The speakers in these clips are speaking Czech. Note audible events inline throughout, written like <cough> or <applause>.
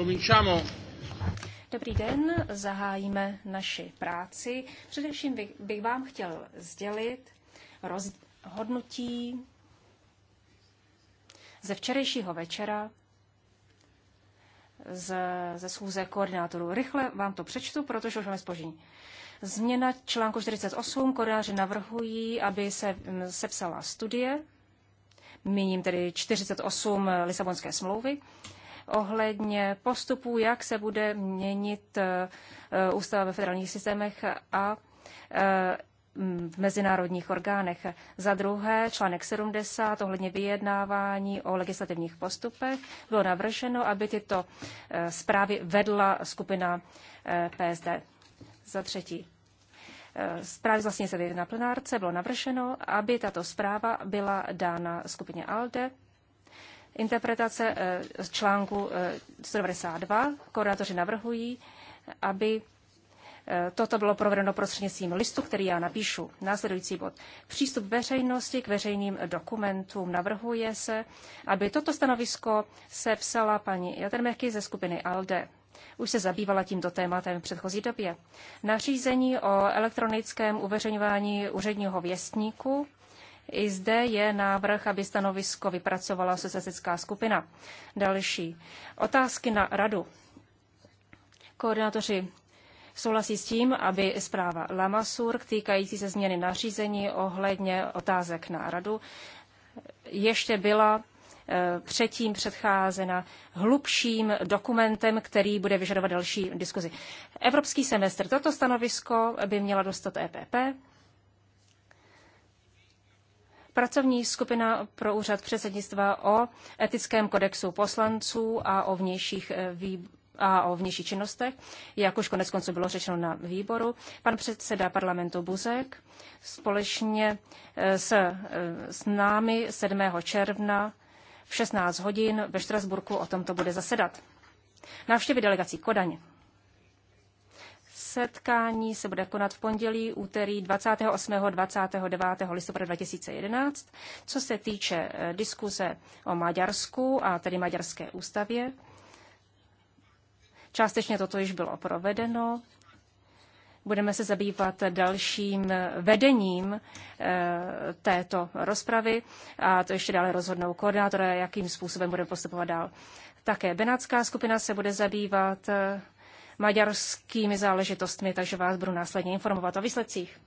Cominciamo. Dobrý den, zahájíme naši práci. Především bych, vám chtěl sdělit roz, hodnutí ze včerejšího večera z, ze schůze koordinátorů. Rychle vám to přečtu, protože už máme spožení. Změna článku 48. Koordináři navrhují, aby se mm, sepsala studie, míním tedy 48 Lisabonské smlouvy, ohledně postupů, jak se bude měnit eh, eh, ústava ve federálních systémech a eh, v mezinárodních orgánech. Za druhé, článek 70 ohledně vyjednávání o legislativních postupech bylo navrženo, aby tyto zprávy vedla skupina PSD. Za třetí, zprávy vlastně se na plenárce bylo navrženo, aby tato zpráva byla dána skupině ALDE interpretace eh, z článku 192. Eh, Koordinátoři navrhují, aby eh, Toto bylo provedeno prostřednictvím listu, který já napíšu. Následující bod. Přístup veřejnosti k veřejným dokumentům. Navrhuje se, aby toto stanovisko se psala paní Jatermeky ze skupiny ALDE. Už se zabývala tímto tématem v předchozí době. Nařízení o elektronickém uveřejňování úředního věstníku i zde je návrh, aby stanovisko vypracovala socialistická skupina. Další. Otázky na radu. Koordinátoři souhlasí s tím, aby zpráva Lamasur týkající se změny nařízení ohledně otázek na radu ještě byla eh, předtím předcházena hlubším dokumentem, který bude vyžadovat další diskuzi. Evropský semestr. Toto stanovisko by měla dostat EPP Pracovní skupina pro úřad předsednictva o etickém kodexu poslanců a o vnějších eh, vý... a o vnější činnostech, jak už konec konců bylo řečeno na výboru. Pan předseda parlamentu Buzek společně eh, s, eh, s námi 7. června v 16 hodin ve Štrasburku o tomto bude zasedat. Návštěvy delegací Kodaň. Setkání se bude konat v pondělí, úterý 28. 29. listopadu 2011. Co se týče eh, diskuze o Maďarsku a tedy Maďarské ústavě, částečně toto již bylo provedeno. Budeme se zabývat dalším eh, vedením eh, této rozpravy a to ještě dále rozhodnou koordinátora, jakým způsobem budeme postupovat dál. Také Benátská skupina se bude zabývat maďarskými záležitostmi, takže vás budu následně informovat o výsledcích.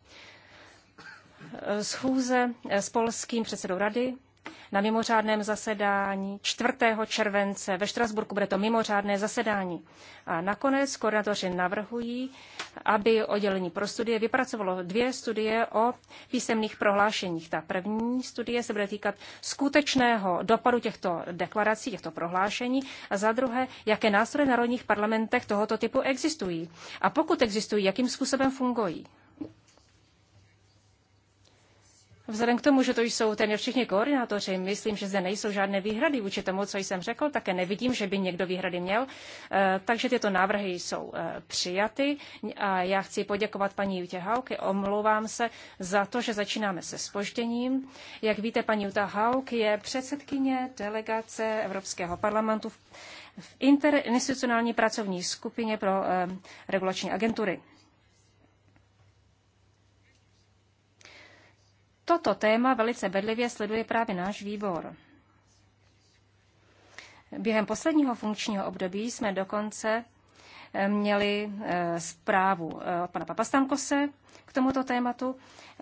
Schůze s polským předsedou rady na mimořádném zasedání 4. července. Ve Štrasburku bude to mimořádné zasedání. A nakonec koordinatoři navrhují, aby oddělení pro studie vypracovalo dvě studie o písemných prohlášeních. Ta první studie se bude týkat skutečného dopadu těchto deklarací, těchto prohlášení a za druhé, jaké nástroje v národních parlamentech tohoto typu existují. A pokud existují, jakým způsobem fungují. Vzhledem k tomu, že to jsou téměř všichni koordinátoři, myslím, že zde nejsou žádné výhrady vůči tomu, co jsem řekl, také nevidím, že by někdo výhrady měl. Eh, takže tyto návrhy jsou eh, přijaty a já chci poděkovat paní Jutě Hauke. Omlouvám se za to, že začínáme se spožděním. Jak víte, paní Juta Hauk je předsedkyně delegace Evropského parlamentu v interinstitucionální pracovní skupině pro eh, regulační agentury. Toto téma velice bedlivě sleduje právě náš výbor. Během posledního funkčního období jsme dokonce eh, měli eh, zprávu eh, od pana Papastankose k tomuto tématu.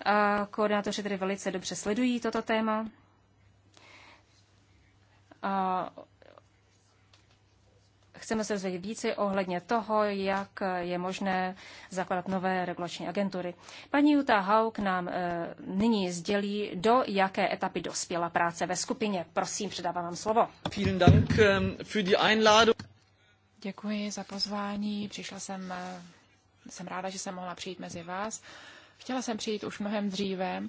A koordinátoři tedy velice dobře sledují toto téma. A Chceme se zvědět více ohledně toho, jak je možné zakladat nové regulační agentury. Paní Jutta Haug nám eh, nyní sdělí, do jaké etapy dospěla práce ve skupině. Prosím, předávám vám slovo. Vielen Dank ähm, für die Einladung. Děkuji za pozvání. Přišla jsem, eh, jsem ráda, že jsem mohla přijít mezi vás. Chtěla jsem přijít už mnohem dříve,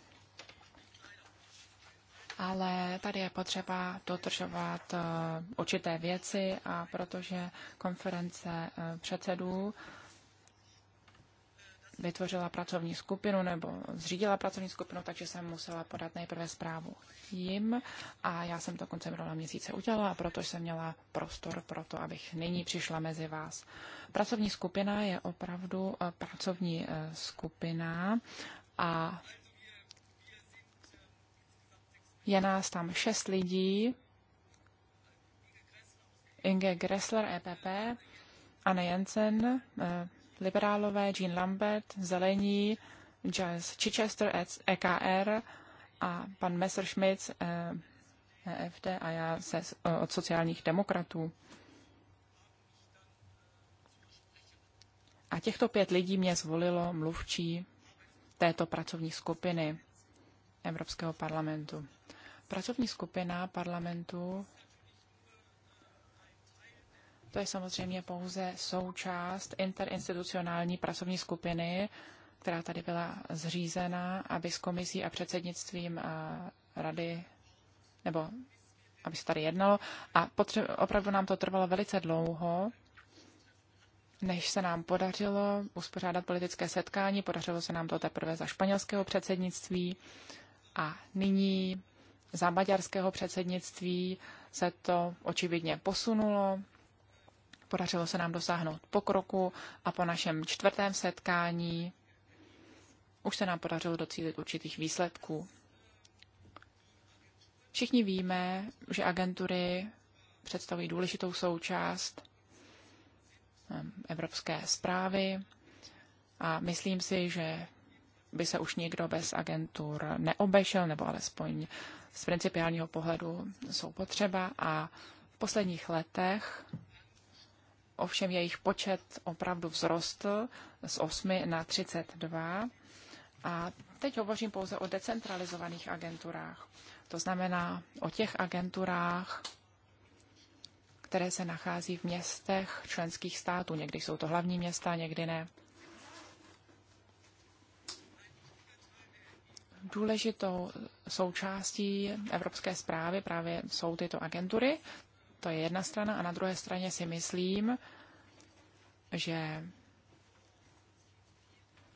ale tady je potřeba dodržovat eh, určité věci a protože konference eh, předsedů vytvořila pracovní skupinu nebo zřídila pracovní skupinu, takže jsem musela podat nejprve zprávu jim a já jsem to koncem rola měsíce udělala, a protože jsem měla prostor pro to, abych nyní přišla mezi vás. Pracovní skupina je opravdu eh, pracovní skupina a je nás tam šest lidí. Inge Gressler, EPP, Anne Jensen, eh, liberálové, Jean Lambert, zelení, Giles Chichester, EKR e a pan Messerschmidt, EFD eh, e a já se, od sociálních demokratů. A těchto pět lidí mě zvolilo mluvčí této pracovní skupiny. Evropského parlamentu. Pracovní skupina parlamentu to je samozřejmě pouze součást interinstitucionální pracovní skupiny, která tady byla zřízena, aby s komisí a předsednictvím rady, nebo aby se tady jednalo. A potře- opravdu nám to trvalo velice dlouho, než se nám podařilo uspořádat politické setkání. Podařilo se nám to teprve za španělského předsednictví. A nyní za maďarského předsednictví se to očividně posunulo. Podařilo se nám dosáhnout pokroku a po našem čtvrtém setkání už se nám podařilo docílit určitých výsledků. Všichni víme, že agentury představují důležitou součást um, evropské zprávy a myslím si, že by se už nikdo bez agentur neobešel, nebo alespoň z principiálního pohledu jsou potřeba. A v posledních letech ovšem jejich počet opravdu vzrostl z 8 na 32. A teď hovořím pouze o decentralizovaných agenturách. To znamená o těch agenturách, které se nachází v městech členských států. Někdy jsou to hlavní města, někdy ne. důležitou součástí evropské zprávy právě jsou tyto agentury. To je jedna strana. A na druhé straně si myslím, že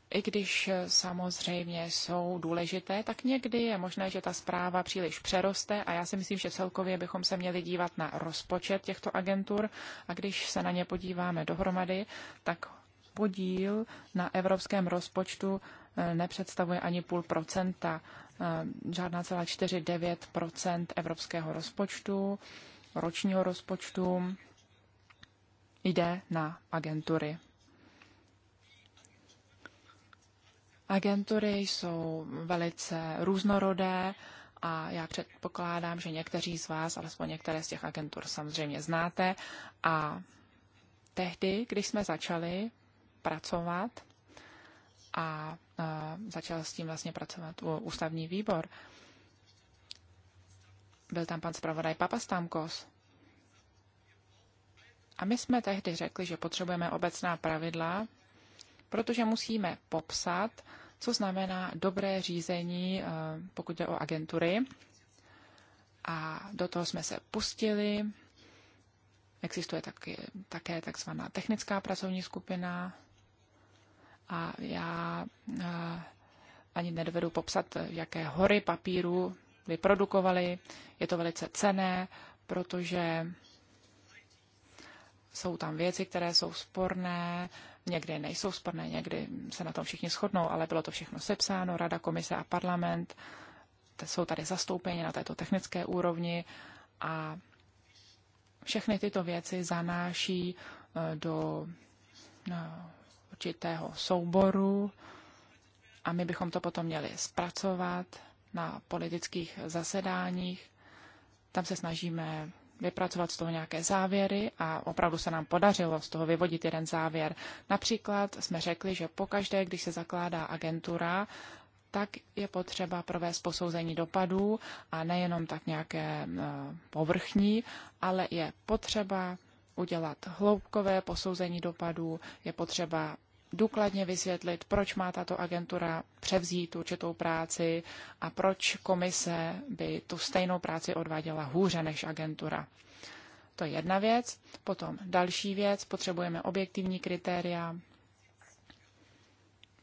i když samozřejmě jsou důležité, tak někdy je možné, že ta zpráva příliš přeroste a já si myslím, že celkově bychom se měli dívat na rozpočet těchto agentur a když se na ně podíváme dohromady, tak podíl na evropském rozpočtu nepředstavuje ani půl procenta, eh, žádná celá 4,9 evropského rozpočtu, ročního rozpočtu jde na agentury. Agentury jsou velice různorodé a já předpokládám, že někteří z vás, alespoň některé z těch agentur samozřejmě znáte. A tehdy, když jsme začali pracovat a začal s tím vlastně pracovat ústavní výbor. Byl tam pan zpravodaj Papastamkos. A my jsme tehdy řekli, že potřebujeme obecná pravidla, protože musíme popsat, co znamená dobré řízení, eh, pokud jde o agentury. A do toho jsme se pustili. Existuje taky, také takzvaná technická pracovní skupina, a já eh, ani nedovedu popsat, jaké hory papíru vyprodukovali. Je to velice cené, protože jsou tam věci, které jsou sporné, někdy nejsou sporné, někdy se na tom všichni shodnou, ale bylo to všechno sepsáno, Rada, Komise a parlament jsou tady zastoupeni na této technické úrovni a všechny tyto věci zanáší eh, do určitého souboru a my bychom to potom měli zpracovat na politických zasedáních. Tam se snažíme vypracovat z toho nějaké závěry a opravdu se nám podařilo z toho vyvodit jeden závěr. Například jsme řekli, že pokaždé, když se zakládá agentura, tak je potřeba provést posouzení dopadů a nejenom tak nějaké eh, povrchní, ale je potřeba udělat hloubkové posouzení dopadů, je potřeba důkladně vysvětlit, proč má tato agentura převzít určitou práci a proč komise by tu stejnou práci odváděla hůře než agentura. To je jedna věc. Potom další věc, potřebujeme objektivní kritéria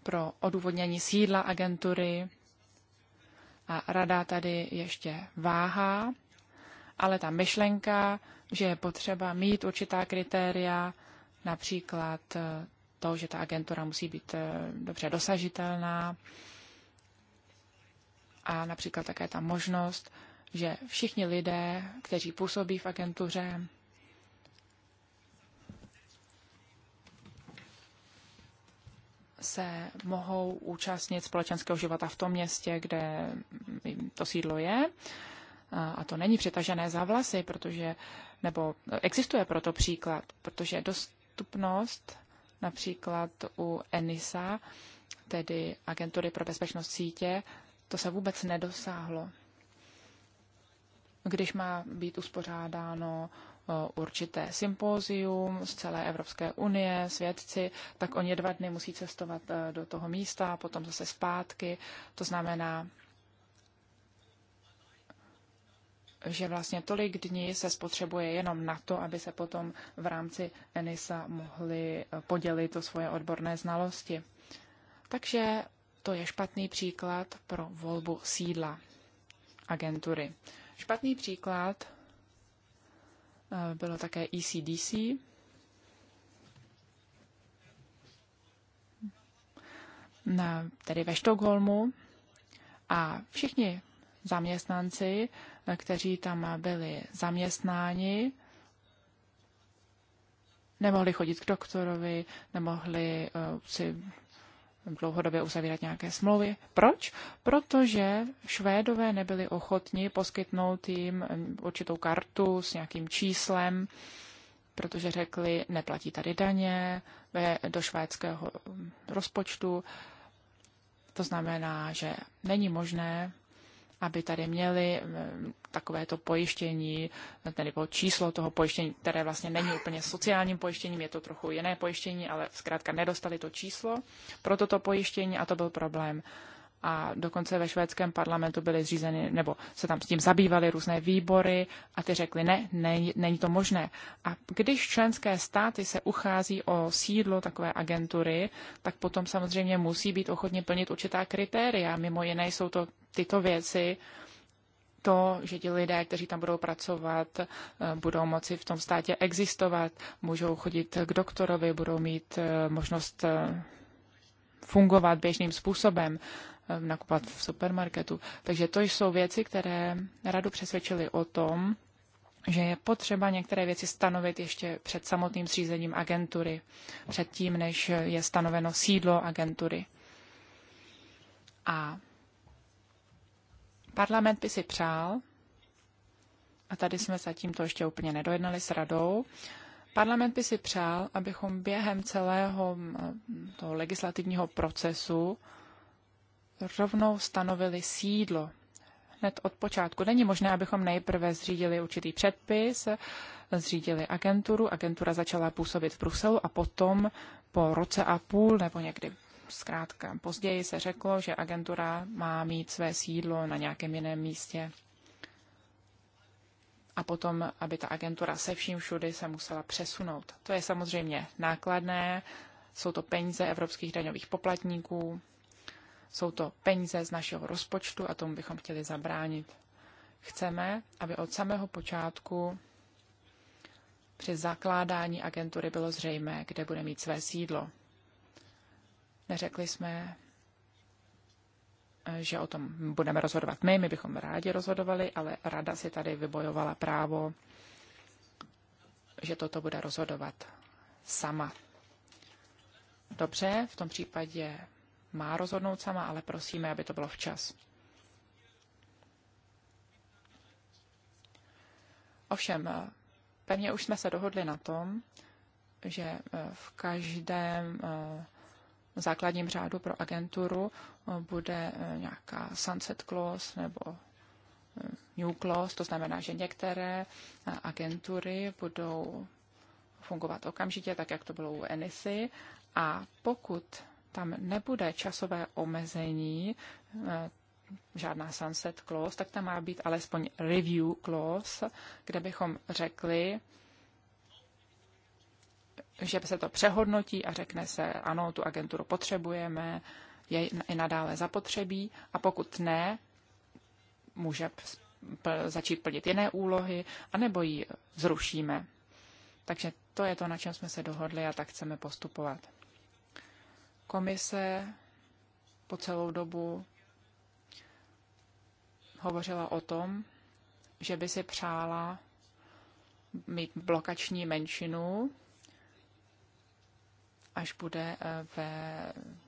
pro odůvodnění sídla agentury. A rada tady ještě váhá, ale ta myšlenka, že je potřeba mít určitá kritéria, například to, že ta agentura musí být eh, dobře dosažitelná a například také ta možnost, že všichni lidé, kteří působí v agentuře, se mohou účastnit společenského života v tom městě, kde to sídlo je. A to není přitažené za vlasy, protože, nebo existuje proto příklad, protože dostupnost například u ENISA, tedy Agentury pro bezpečnost sítě, to se vůbec nedosáhlo. Když má být uspořádáno určité sympózium z celé Evropské unie, svědci, tak oni dva dny musí cestovat e, do toho místa, potom zase zpátky. To znamená, že vlastně tolik dní se spotřebuje jenom na to, aby se potom v rámci ENISA mohli eh, podělit o svoje odborné znalosti. Takže to je špatný příklad pro volbu sídla agentury. Špatný příklad eh, bylo také ECDC. Na, tedy ve Štokholmu a všichni zaměstnanci kteří tam byli zaměstnáni, nemohli chodit k doktorovi, nemohli eh, si dlouhodobě uzavírat nějaké smlouvy. Proč? Protože Švédové nebyli ochotni poskytnout jim eh, určitou kartu s nějakým číslem, protože řekli, neplatí tady daně do švédského mm, rozpočtu. To znamená, že není možné aby tady měli eh, takovéto pojištění, tedy po číslo toho pojištění, které vlastně není úplně sociálním pojištěním, je to trochu jiné pojištění, ale zkrátka nedostali to číslo pro toto pojištění a to byl problém a dokonce ve švédském parlamentu byly zřízeny, nebo se tam s tím zabývaly různé výbory a ty řekly, ne, ne, není to možné. A když členské státy se uchází o sídlo takové agentury, tak potom samozřejmě musí být ochotně plnit určitá kritéria. Mimo jiné jsou to tyto věci, to, že ti lidé, kteří tam budou pracovat, eh, budou moci v tom státě existovat, můžou chodit k doktorovi, budou mít eh, možnost eh, fungovat běžným způsobem, eh, nakupovat v supermarketu. Takže to jsou věci, které radu přesvědčily o tom, že je potřeba některé věci stanovit ještě před samotným zřízením agentury, před tím, než je stanoveno sídlo agentury. A parlament by si přál, a tady jsme zatím to ještě úplně nedojednali s radou, Parlament by si přál, abychom během celého mm, toho legislativního procesu rovnou stanovili sídlo hned od počátku. Není možné, abychom nejprve zřídili určitý předpis, zřídili agenturu, agentura začala působit v Bruselu a potom po roce a půl nebo někdy zkrátka později se řeklo, že agentura má mít své sídlo na nějakém jiném místě a potom, aby ta agentura se vším všudy se musela přesunout. To je samozřejmě nákladné, jsou to peníze evropských daňových poplatníků, jsou to peníze z našeho rozpočtu a tomu bychom chtěli zabránit. Chceme, aby od samého počátku při zakládání agentury bylo zřejmé, kde bude mít své sídlo. Neřekli jsme, že o tom budeme rozhodovat my, my bychom rádi rozhodovali, ale rada si tady vybojovala právo, že toto bude rozhodovat sama. Dobře, v tom případě má rozhodnout sama, ale prosíme, aby to bylo včas. Ovšem, pevně už jsme se dohodli na tom, že v každém eh, základním řádu pro agenturu eh, bude eh, nějaká sunset clause nebo eh, new clause, to znamená, že některé agentury budou fungovat okamžitě, tak jak to bylo u Enisy. A pokud tam nebude časové omezení, žádná sunset clause, tak tam má být alespoň review clause, kde bychom řekli, že se to přehodnotí a řekne se, ano, tu agenturu potřebujeme, je i nadále zapotřebí a pokud ne, může začít plnit jiné úlohy, anebo ji zrušíme. Takže to je to, na čem jsme se dohodli a tak chceme postupovat. Komise po celou dobu hovořila o tom, že by si přála mít blokační menšinu až bude eh, ve,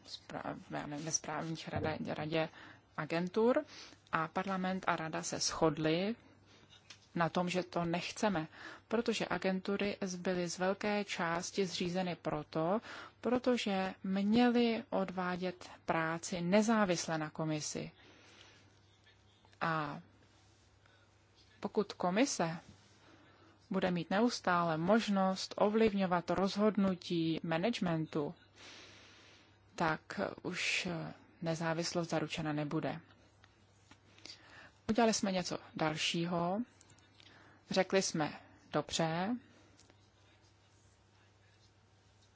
správ, ve správních radě, radě agentur. A parlament a rada se shodly na tom, že to nechceme, protože agentury byly z velké části zřízeny proto, protože měly odvádět práci nezávisle na komisi. A pokud komise bude mít neustále možnost ovlivňovat rozhodnutí managementu, tak už nezávislost zaručena nebude. Udělali jsme něco dalšího. Řekli jsme, dobře,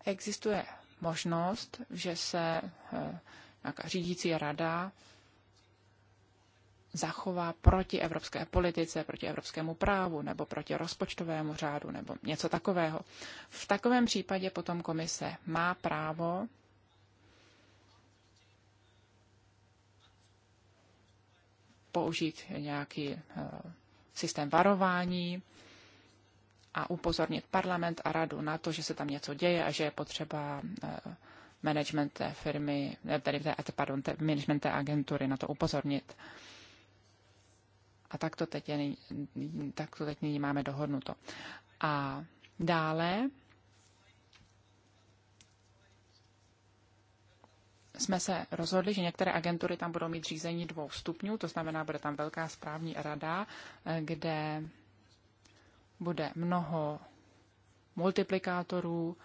existuje možnost, že se eh, nějaká řídící rada zachová proti evropské politice, proti evropskému právu nebo proti rozpočtovému řádu nebo něco takového. V takovém případě potom komise má právo použít nějaký eh, systém varování a upozornit parlament a radu na to, že se tam něco děje a že je potřeba eh, management té firmy, eh, tedy pardon, management té agentury na to upozornit. A tak to teď, je, tak to teď nyní máme dohodnuto. A dále jsme se rozhodli, že některé agentury tam budou mít řízení dvou stupňů, to znamená, bude tam velká správní rada, eh, kde bude mnoho multiplikátorů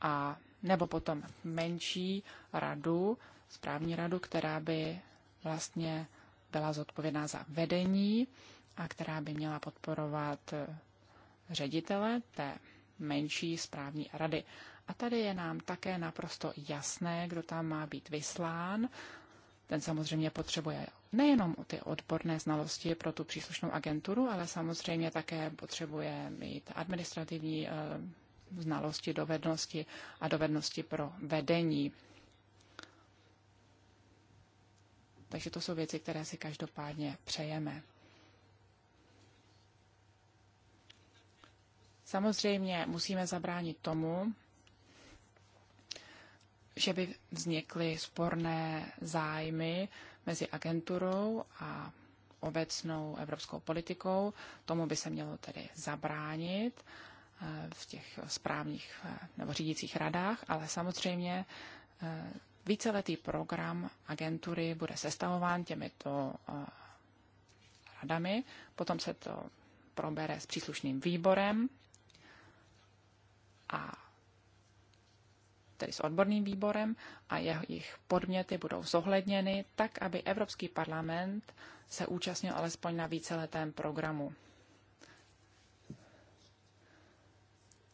a nebo potom menší radu, správní radu, která by vlastně byla zodpovědná za vedení a která by měla podporovat ředitele té menší správní rady. A tady je nám také naprosto jasné, kdo tam má být vyslán. Ten samozřejmě potřebuje nejenom ty odborné znalosti pro tu příslušnou agenturu, ale samozřejmě také potřebuje mít administrativní eh, znalosti, dovednosti a dovednosti pro vedení Takže to jsou věci, které si každopádně přejeme. Samozřejmě musíme zabránit tomu, že by vznikly sporné zájmy mezi agenturou a obecnou evropskou politikou. Tomu by se mělo tedy zabránit eh, v těch správních eh, nebo řídících radách, ale samozřejmě eh, Víceletý program agentury bude sestavován těmito eh, radami, potom se to probere s příslušným výborem a tedy s odborným výborem a jejich podměty budou zohledněny tak, aby Evropský parlament se účastnil alespoň na víceletém programu.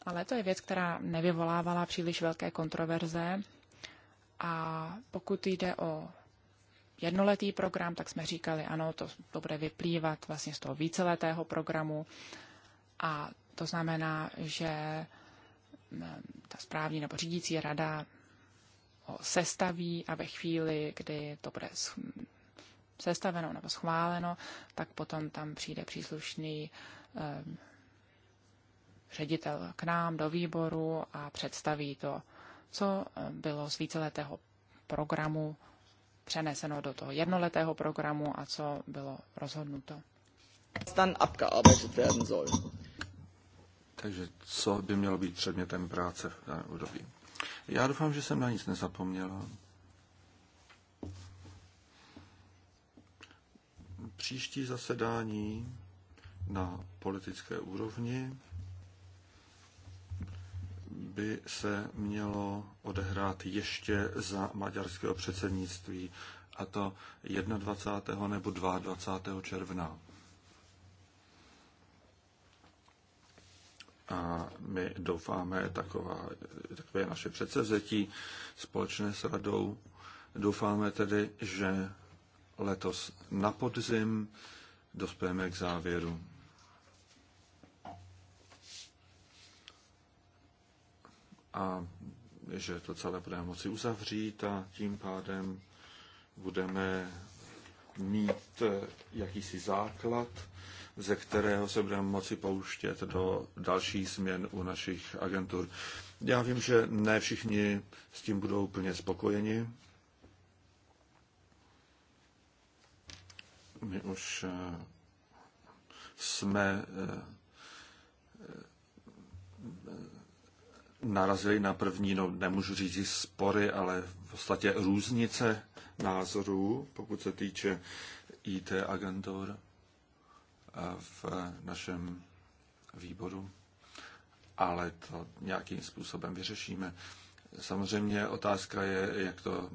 Ale to je věc, která nevyvolávala příliš velké kontroverze a pokud jde o jednoletý program, tak jsme říkali, ano, to, to bude vyplývat vlastně z toho víceletého programu. A to znamená, že mm, ta správní nebo řídící rada ho sestaví a ve chvíli, kdy to bude sestaveno nebo schváleno, tak potom tam přijde příslušný um, ředitel k nám do výboru a představí to co bylo z víceletého programu přeneseno do toho jednoletého programu a co bylo rozhodnuto. Takže co by mělo být předmětem práce v daném období? Já doufám, že jsem na nic nezapomněla. Příští zasedání na politické úrovni by se mělo odehrát ještě za maďarského předsednictví, a to 21. nebo 22. června. A my doufáme, taková, takové je naše předsevzetí společné s radou, doufáme tedy, že letos na podzim dospějeme k závěru. a že to celé budeme moci uzavřít a tím pádem budeme mít eh, jakýsi základ, ze kterého se budeme moci pouštět do dalších změn u našich agentur. Já vím, že ne všichni s tím budou úplně spokojeni. My už eh, jsme eh, narazili na první, no nemůžu říct spory, ale v podstatě různice názorů, pokud se týče IT agentur eh, v našem výboru. Ale to nějakým způsobem vyřešíme. Samozřejmě otázka je, jak to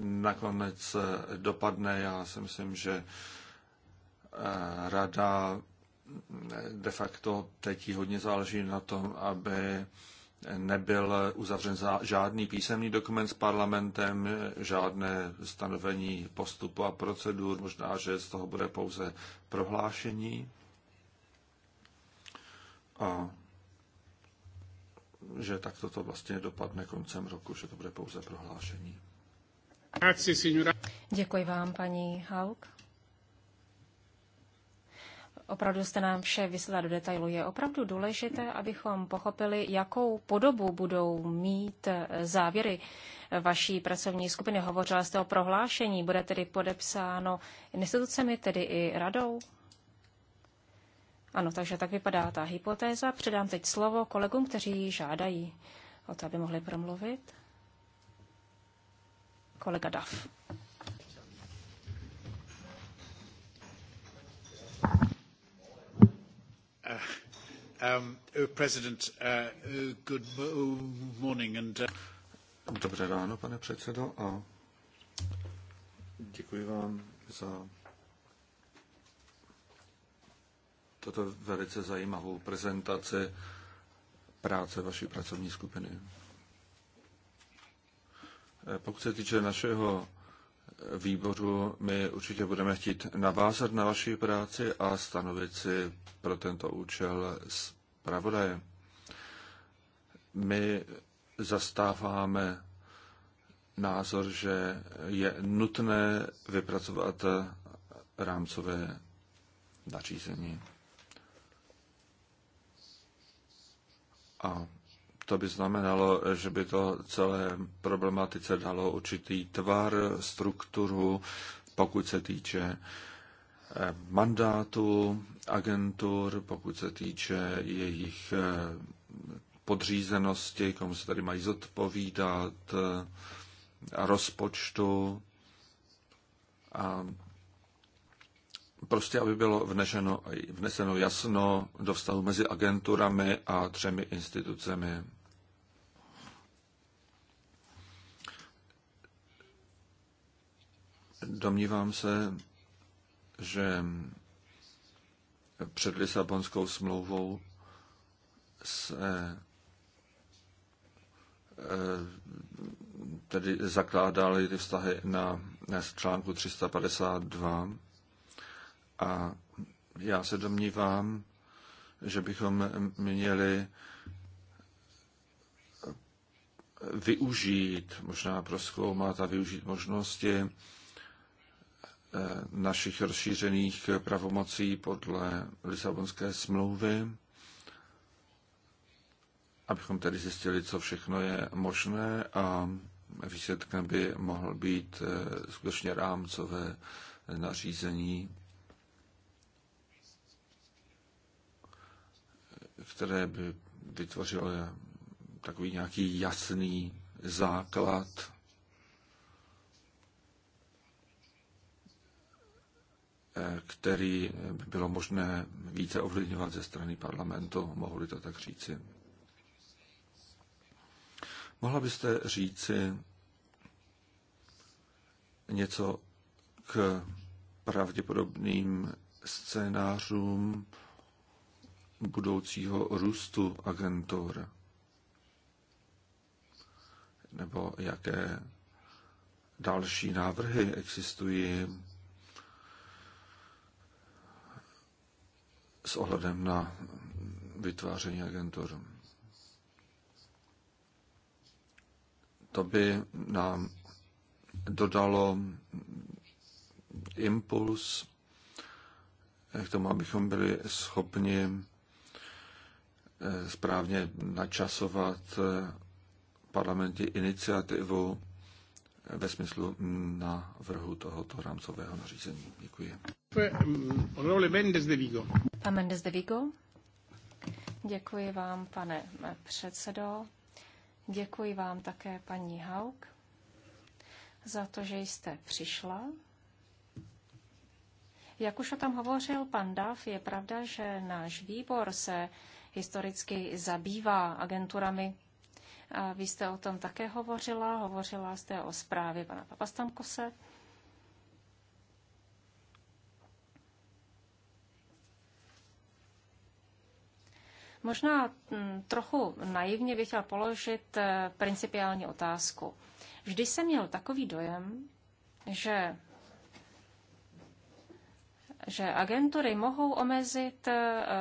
nakonec eh, dopadne. Já si myslím, že eh, rada de facto teď hodně záleží na tom, aby nebyl uzavřen žádný písemný dokument s parlamentem, žádné stanovení postupu a procedur, možná, že z toho bude pouze prohlášení. A že takto to vlastně dopadne koncem roku, že to bude pouze prohlášení. Děkuji vám, paní Hauk. Opravdu jste nám vše vysvětlila do detailu. Je opravdu důležité, abychom pochopili, jakou podobu budou mít závěry vaší pracovní skupiny. Hovořila jste o prohlášení, bude tedy podepsáno institucemi, tedy i radou? Ano, takže tak vypadá ta hypotéza. Předám teď slovo kolegům, kteří žádají o to, aby mohli promluvit. Kolega Dav. Dobré ráno, pane předsedo, a děkuji vám za toto velice zajímavou prezentaci práce vaší pracovní skupiny. Eh, pokud se týče našeho výboru my určitě budeme chtít navázat na vaši práci a stanovit si pro tento účel zpravodaje. My zastáváme názor, že je nutné vypracovat rámcové nařízení. A to by znamenalo, že by to celé problematice dalo určitý tvar, strukturu, pokud se týče eh, mandátu agentur, pokud se týče jejich eh, podřízenosti, komu se tady mají zodpovídat, eh, a rozpočtu a prostě, aby bylo vneseno, vneseno jasno do vztahu mezi agenturami a třemi institucemi. Domnívám se, že před Lisabonskou smlouvou se eh, tedy zakládaly ty vztahy na, na článku 352 a já se domnívám, že bychom měli využít, možná proskoumat a využít možnosti Eh, našich rozšířených pravomocí podle Lisabonské smlouvy, abychom tedy zjistili, co všechno je možné a výsledkem by mohl být eh, skutečně rámcové nařízení, které by vytvořilo takový nějaký jasný základ který by bylo možné více ovlivňovat ze strany parlamentu, mohli to tak říci. Mohla byste říci něco k pravděpodobným scénářům budoucího růstu agentur? Nebo jaké další návrhy existují s ohledem na vytváření agentur. To by nám dodalo impuls k tomu, abychom byli schopni eh, správně načasovat eh, parlamentní iniciativu ve smyslu mm, na vrhu tohoto rámcového nařízení. Děkuji. Pan Mendes de Vigo. Děkuji vám, pane předsedo. Děkuji vám také, paní Hauk, za to, že jste přišla. Jak už o tom hovořil pan Dav, je pravda, že náš výbor se historicky zabývá agenturami vy jste o tom také hovořila, hovořila jste o zprávě pana Papastamkose. Možná hm, trochu naivně bych chtěla položit eh, principiální otázku. Vždy jsem měl takový dojem, že že agentury mohou omezit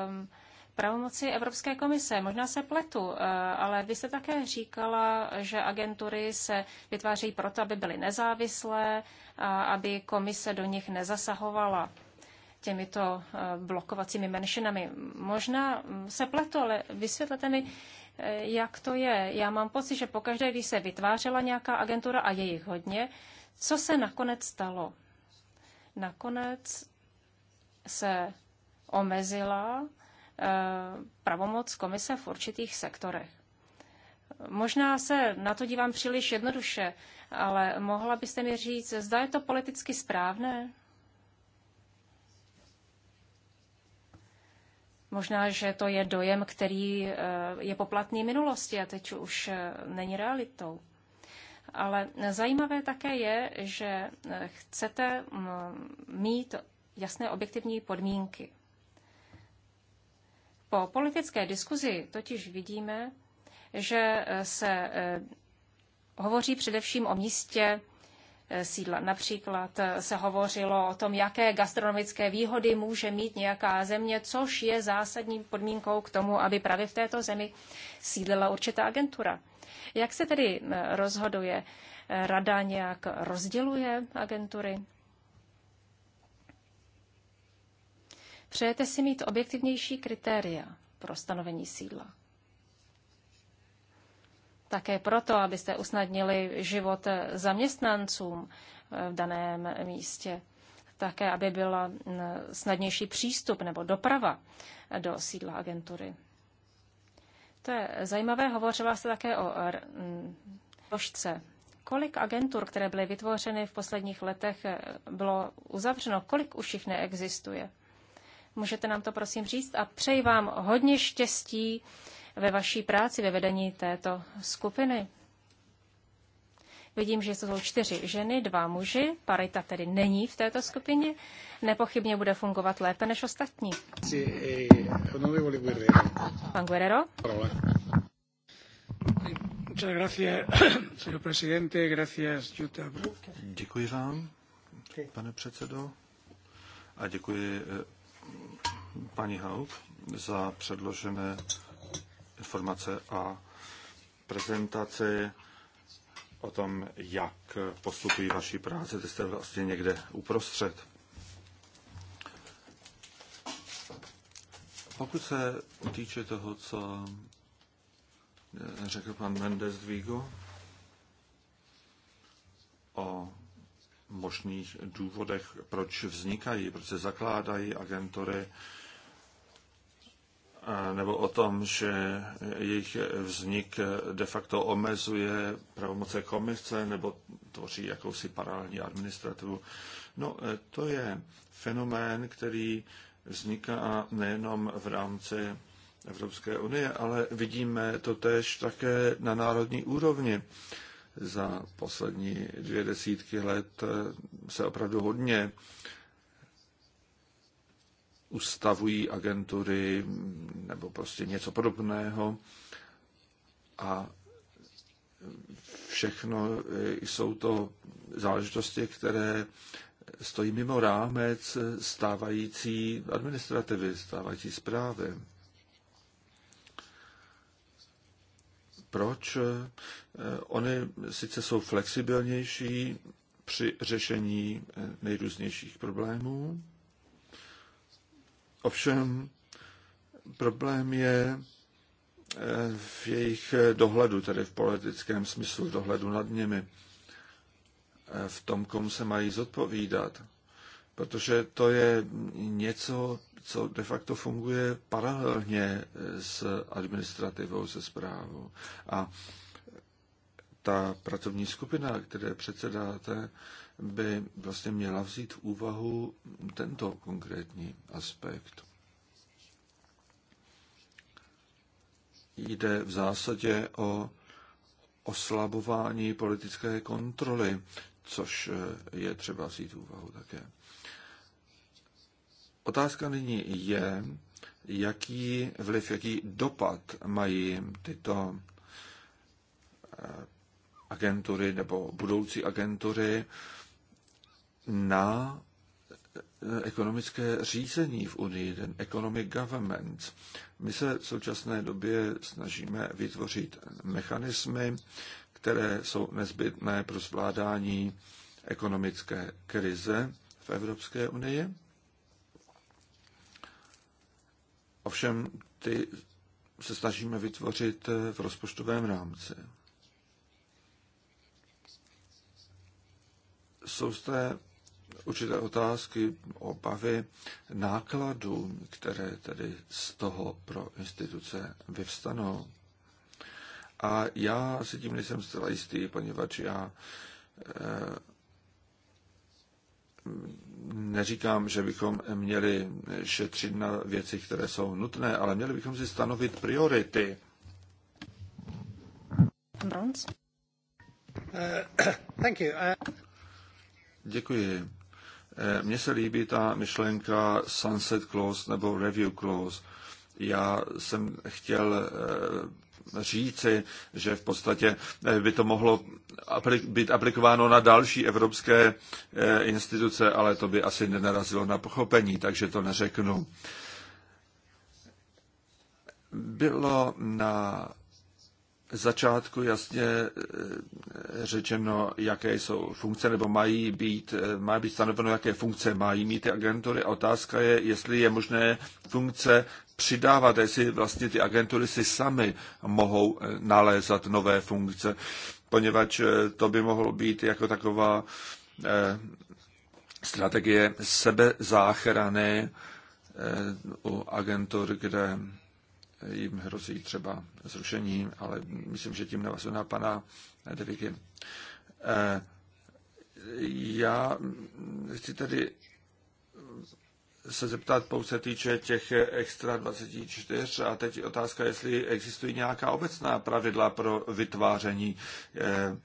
um, pravomoci Evropské komise. Možná se pletu, eh, ale vy jste také říkala, že agentury se vytvářejí proto, aby byly nezávislé a aby komise do nich nezasahovala těmito eh, blokovacími menšinami. Možná hm, se pletu, ale vysvětlete mi, eh, jak to je. Já mám pocit, že pokaždé, když se vytvářela nějaká agentura a je jich hodně, co se nakonec stalo? Nakonec se omezila Eh, pravomoc komise v určitých sektorech. Možná se na to dívám příliš jednoduše, ale mohla byste mi říct, zda je to politicky správné? Možná, že to je dojem, který eh, je poplatný minulosti a teď už eh, není realitou. Ale zajímavé také je, že chcete mm, mít jasné objektivní podmínky po politické diskuzi totiž vidíme, že eh, se eh, hovoří především o místě eh, sídla. Například se hovořilo o tom, jaké gastronomické výhody může mít nějaká země, což je zásadní podmínkou k tomu, aby právě v této zemi sídlila určitá agentura. Jak se tedy rozhoduje? Rada nějak rozděluje agentury? Přejete si mít objektivnější kritéria pro stanovení sídla. Také proto, abyste usnadnili život zaměstnancům eh, v daném místě. Také, aby byl eh, snadnější přístup nebo doprava eh, do sídla agentury. To je zajímavé, hovořila jste také o rožce. Mm, Kolik agentur, které byly vytvořeny v posledních letech, bylo uzavřeno? Kolik už jich neexistuje? Můžete nám to prosím říct a přeji vám hodně štěstí ve vaší práci, ve vedení této skupiny. Vidím, že to jsou čtyři ženy, dva muži, parita tedy není v této skupině, nepochybně bude fungovat lépe než ostatní. Eh, Pan Guerrero. <coughs> Děkuji vám, pane předsedo, a děkuji eh, paní Haug za předložené informace a prezentaci o tom, jak postupují vaší práce. Ty jste vlastně někde uprostřed. Pokud se týče toho, co eh, řekl pan Mendes Vigo o možných důvodech, proč vznikají, proč se zakládají agentury, nebo o tom, že jejich vznik de facto omezuje pravomoce komise nebo tvoří jakousi paralelní administrativu. No, to je fenomén, který vzniká nejenom v rámci Evropské unie, ale vidíme to též také na národní úrovni za poslední dvě desítky let se opravdu hodně ustavují agentury nebo prostě něco podobného a všechno jsou to záležitosti, které stojí mimo rámec stávající administrativy, stávající zprávy. Proč? Eh, ony sice jsou flexibilnější při řešení eh, nejrůznějších problémů, ovšem problém je eh, v jejich dohledu, tedy v politickém smyslu, v dohledu nad nimi, v tom, komu se mají zodpovídat. Protože to je něco, co de facto funguje paralelně s administrativou, se zprávou. A ta pracovní skupina, které předsedáte, by vlastně měla vzít v úvahu tento konkrétní aspekt. Jde v zásadě o oslabování politické kontroly, což je třeba vzít v úvahu také. Otázka nyní je, jaký vliv, jaký dopad mají tyto eh, agentury nebo budoucí agentury na eh, ekonomické řízení v Unii, ten economic government. My se v současné době snažíme vytvořit mechanismy, které jsou nezbytné pro zvládání ekonomické krize v Evropské unii. Ovšem ty se snažíme vytvořit eh, v rozpočtovém rámci. Jsou zde určité otázky, obavy nákladů, které tedy z toho pro instituce vyvstanou. A já si tím nejsem zcela jistý, poněvadž já eh, neříkám, že bychom měli šetřit na věci, které jsou nutné, ale měli bychom si stanovit priority. Eh, <clears throat> thank you. Eh, Děkuji. Eh, mně se líbí ta myšlenka sunset clause nebo review clause. Já jsem chtěl říci, že v podstatě eh, by to mohlo být aplikováno na další evropské eh, instituce, ale to by asi nenarazilo na pochopení, takže to neřeknu. Bylo na začátku jasně eh, řečeno, jaké jsou funkce, nebo mají být, má být stanoveno, jaké funkce mají mít ty agentury. A otázka je, jestli je možné funkce přidávat, jestli vlastně ty agentury si sami mohou eh, nalézat nové funkce, poněvadž eh, to by mohlo být jako taková eh, strategie sebezáchrany u agentur, kde jim hrozí třeba zrušení, ale myslím, že tím navazuji na pana Deviky. Já chci tady se zeptat pouze týče těch extra 24 a teď otázka, jestli existují nějaká obecná pravidla pro vytváření eh,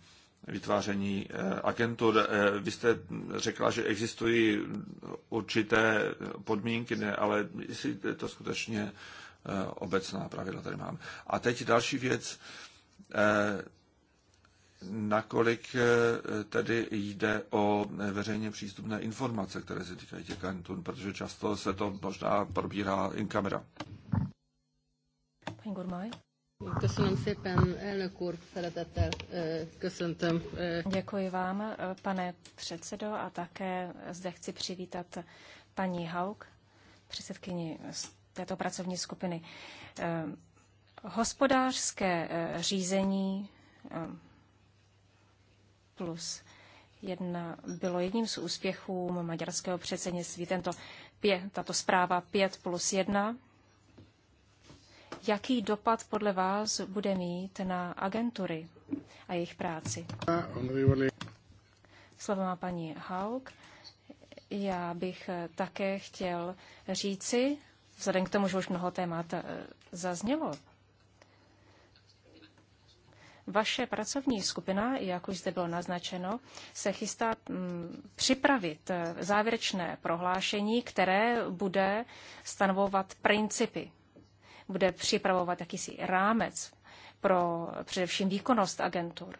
vytváření eh, agentur. Eh, vy jste řekla, že existují určité podmínky, ne, ale jestli je to skutečně obecná pravidla tady mám. A teď další věc nakolik eh, tedy jde o veřejně přístupné informace, které se týkají těch kantun, protože často se to možná probírá in camera. Pani Gurmaj. Köszönöm szépen, elnök úr, szeretettel eh, köszöntöm. Eh. Děkuji vám, pane předsedo, a také zde chci přivítat paní Hauk, předsedkyni této pracovní skupiny. Hospodářské řízení plus 1 bylo jedním z úspěchů maďarského předsednictví. Tento pě, tato zpráva 5 plus 1. Jaký dopad podle vás bude mít na agentury a jejich práci? Slovo má paní Haug. Já bych také chtěl říci, vzhledem k tomu, že už mnoho témat eh, zaznělo, vaše pracovní skupina, jak už zde bylo naznačeno, se chystá mm, připravit eh, závěrečné prohlášení, které bude stanovovat principy, bude připravovat jakýsi rámec pro především výkonnost agentur.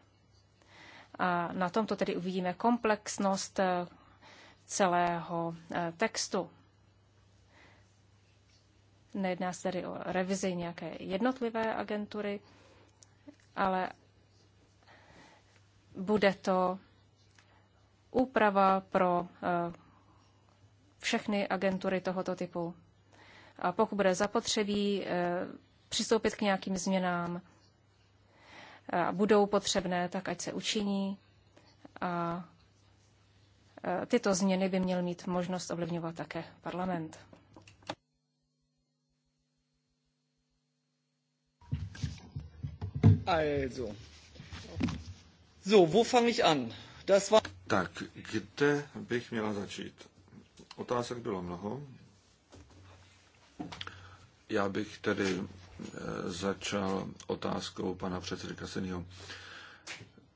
A na tomto tedy uvidíme komplexnost eh, celého eh, textu. Nejedná se tedy o revizi nějaké jednotlivé agentury, ale bude to úprava pro eh, všechny agentury tohoto typu. A pokud bude zapotřebí eh, přistoupit k nějakým změnám, eh, budou potřebné, tak ať se učiní. A tyto změny by měl mít možnost ovlivňovat také parlament. Also, So, wo fange ich an? Das war... Tak, kde bych měla začít? Otázek bylo mnoho. Já bych tedy eh, začal otázkou pana předsedy Kaseního.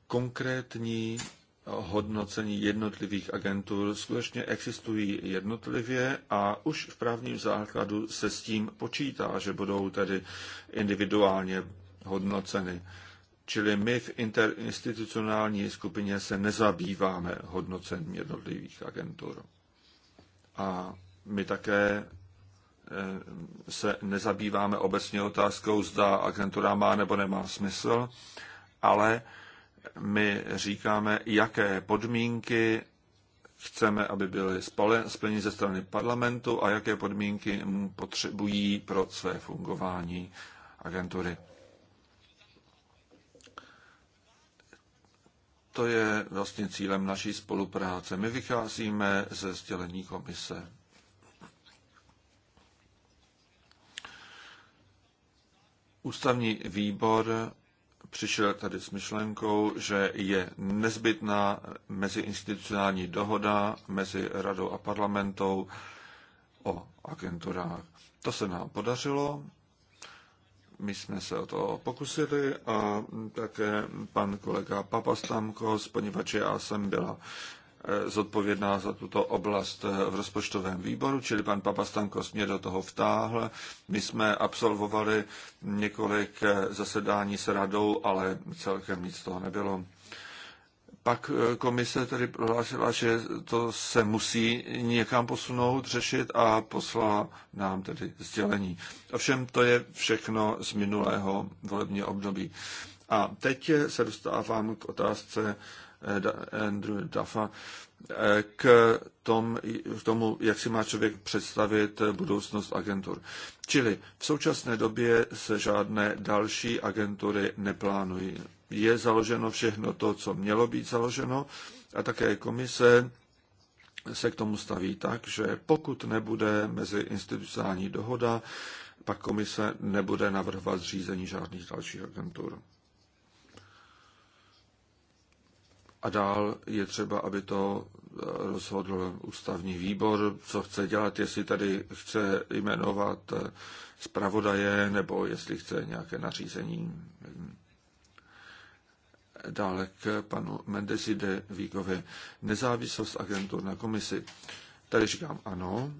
Konkrétní hodnocení jednotlivých agentur skutečně existují jednotlivě a už v právním základu se s tím počítá, že budou tedy individuálně hodnoceny. Čili my v interinstitucionální skupině se nezabýváme hodnocením jednotlivých agentur. A my také eh, se nezabýváme obecně otázkou, zda agentura má nebo nemá smysl, ale my říkáme, jaké podmínky chceme, aby byly splněny ze strany parlamentu a jaké podmínky potřebují pro své fungování agentury. to je vlastně cílem naší spolupráce. My vycházíme ze sdělení komise. Ústavní výbor přišel tady s myšlenkou, že je nezbytná meziinstitucionální dohoda mezi radou a parlamentou o agenturách. To se nám podařilo my jsme se o to pokusili a také pan kolega Papastamkos, poněvadž já jsem byla eh, zodpovědná za tuto oblast eh, v rozpočtovém výboru, čili pan Papastankos mě do toho vtáhl. My jsme absolvovali několik eh, zasedání s radou, ale celkem nic z toho nebylo pak eh, komise tedy prohlásila, že to se musí někam posunout, řešit a poslala nám tedy sdělení. Ovšem to je všechno z minulého volebního období. A teď se dostávám k otázce eh, Andrew Duffa eh, k, tomu, jak si má člověk představit budoucnost agentur. Čili v současné době se žádné další agentury neplánují je založeno všechno to, co mělo být založeno a také komise se k tomu staví tak, že pokud nebude mezi institucionální dohoda, pak komise nebude navrhovat zřízení žádných dalších agentur. A dál je třeba, aby to eh, rozhodl ústavní výbor, co chce dělat, jestli tady chce jmenovat eh, zpravodaje nebo jestli chce nějaké nařízení dále k panu Mendesi de Víkovi. Nezávislost agentur na komisi. Tady říkám ano.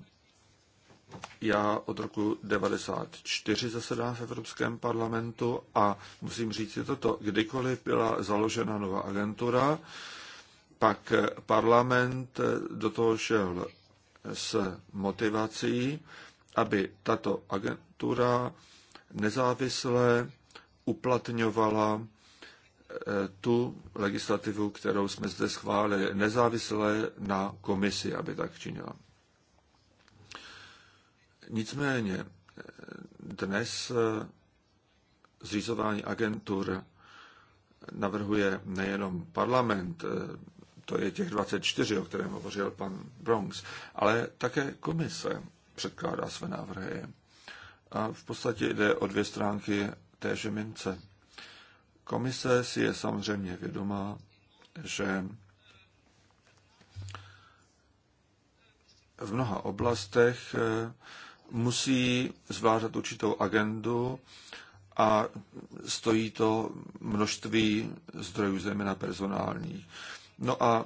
Já od roku 1994 zasedám v Evropském parlamentu a musím říct je toto, kdykoliv byla založena nová agentura, pak parlament do toho šel s motivací, aby tato agentura nezávisle uplatňovala tu legislativu, kterou jsme zde schválili, nezávisle na komisi, aby tak činila. Nicméně dnes zřizování agentur navrhuje nejenom parlament, to je těch 24, o kterém hovořil pan Bronx, ale také komise předkládá své návrhy. A v podstatě jde o dvě stránky téže mince. Komise si je samozřejmě vědomá, že v mnoha oblastech eh, musí zvládat určitou agendu a stojí to množství zdrojů, zejména personálních. No a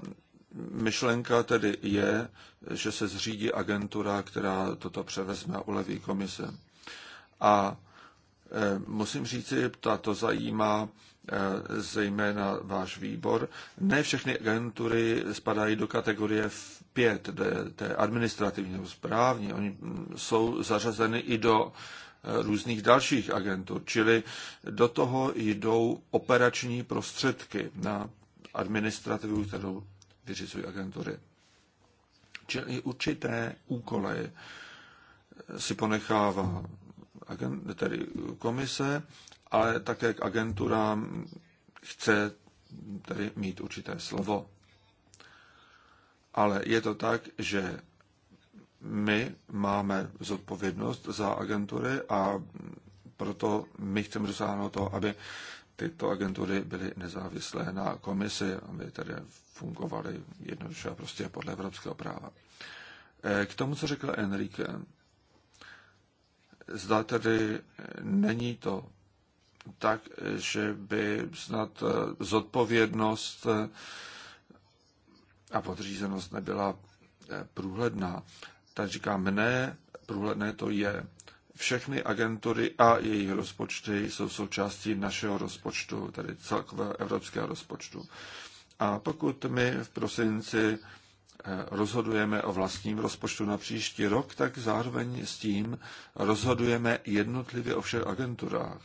myšlenka tedy je, že se zřídí agentura, která toto převezme a uleví komise. A Eh, musím říci, to zajímá eh, zejména váš výbor. Ne všechny agentury spadají do kategorie 5, té administrativní nebo správní. Oni hm, jsou zařazeny i do eh, různých dalších agentur, čili do toho jdou operační prostředky na administrativu, kterou vyřizují agentury. Čili určité úkoly si ponechává agent, tedy komise, ale také k agenturám chce tedy mít určité slovo. Ale je to tak, že my máme zodpovědnost za agentury a proto my chceme dosáhnout toho, aby tyto agentury byly nezávislé na komisi, aby tedy fungovaly jednoduše a prostě podle evropského práva. Eh, k tomu, co řekl Enrique, zda tedy není to tak, že by snad eh, zodpovědnost eh, a podřízenost nebyla eh, průhledná. Tak říkám, ne, průhledné to je. Všechny agentury a jejich rozpočty jsou součástí našeho rozpočtu, tedy celkového evropského rozpočtu. A pokud my v prosinci Eh, rozhodujeme o vlastním rozpočtu na příští rok, tak zároveň s tím rozhodujeme jednotlivě o všech agenturách.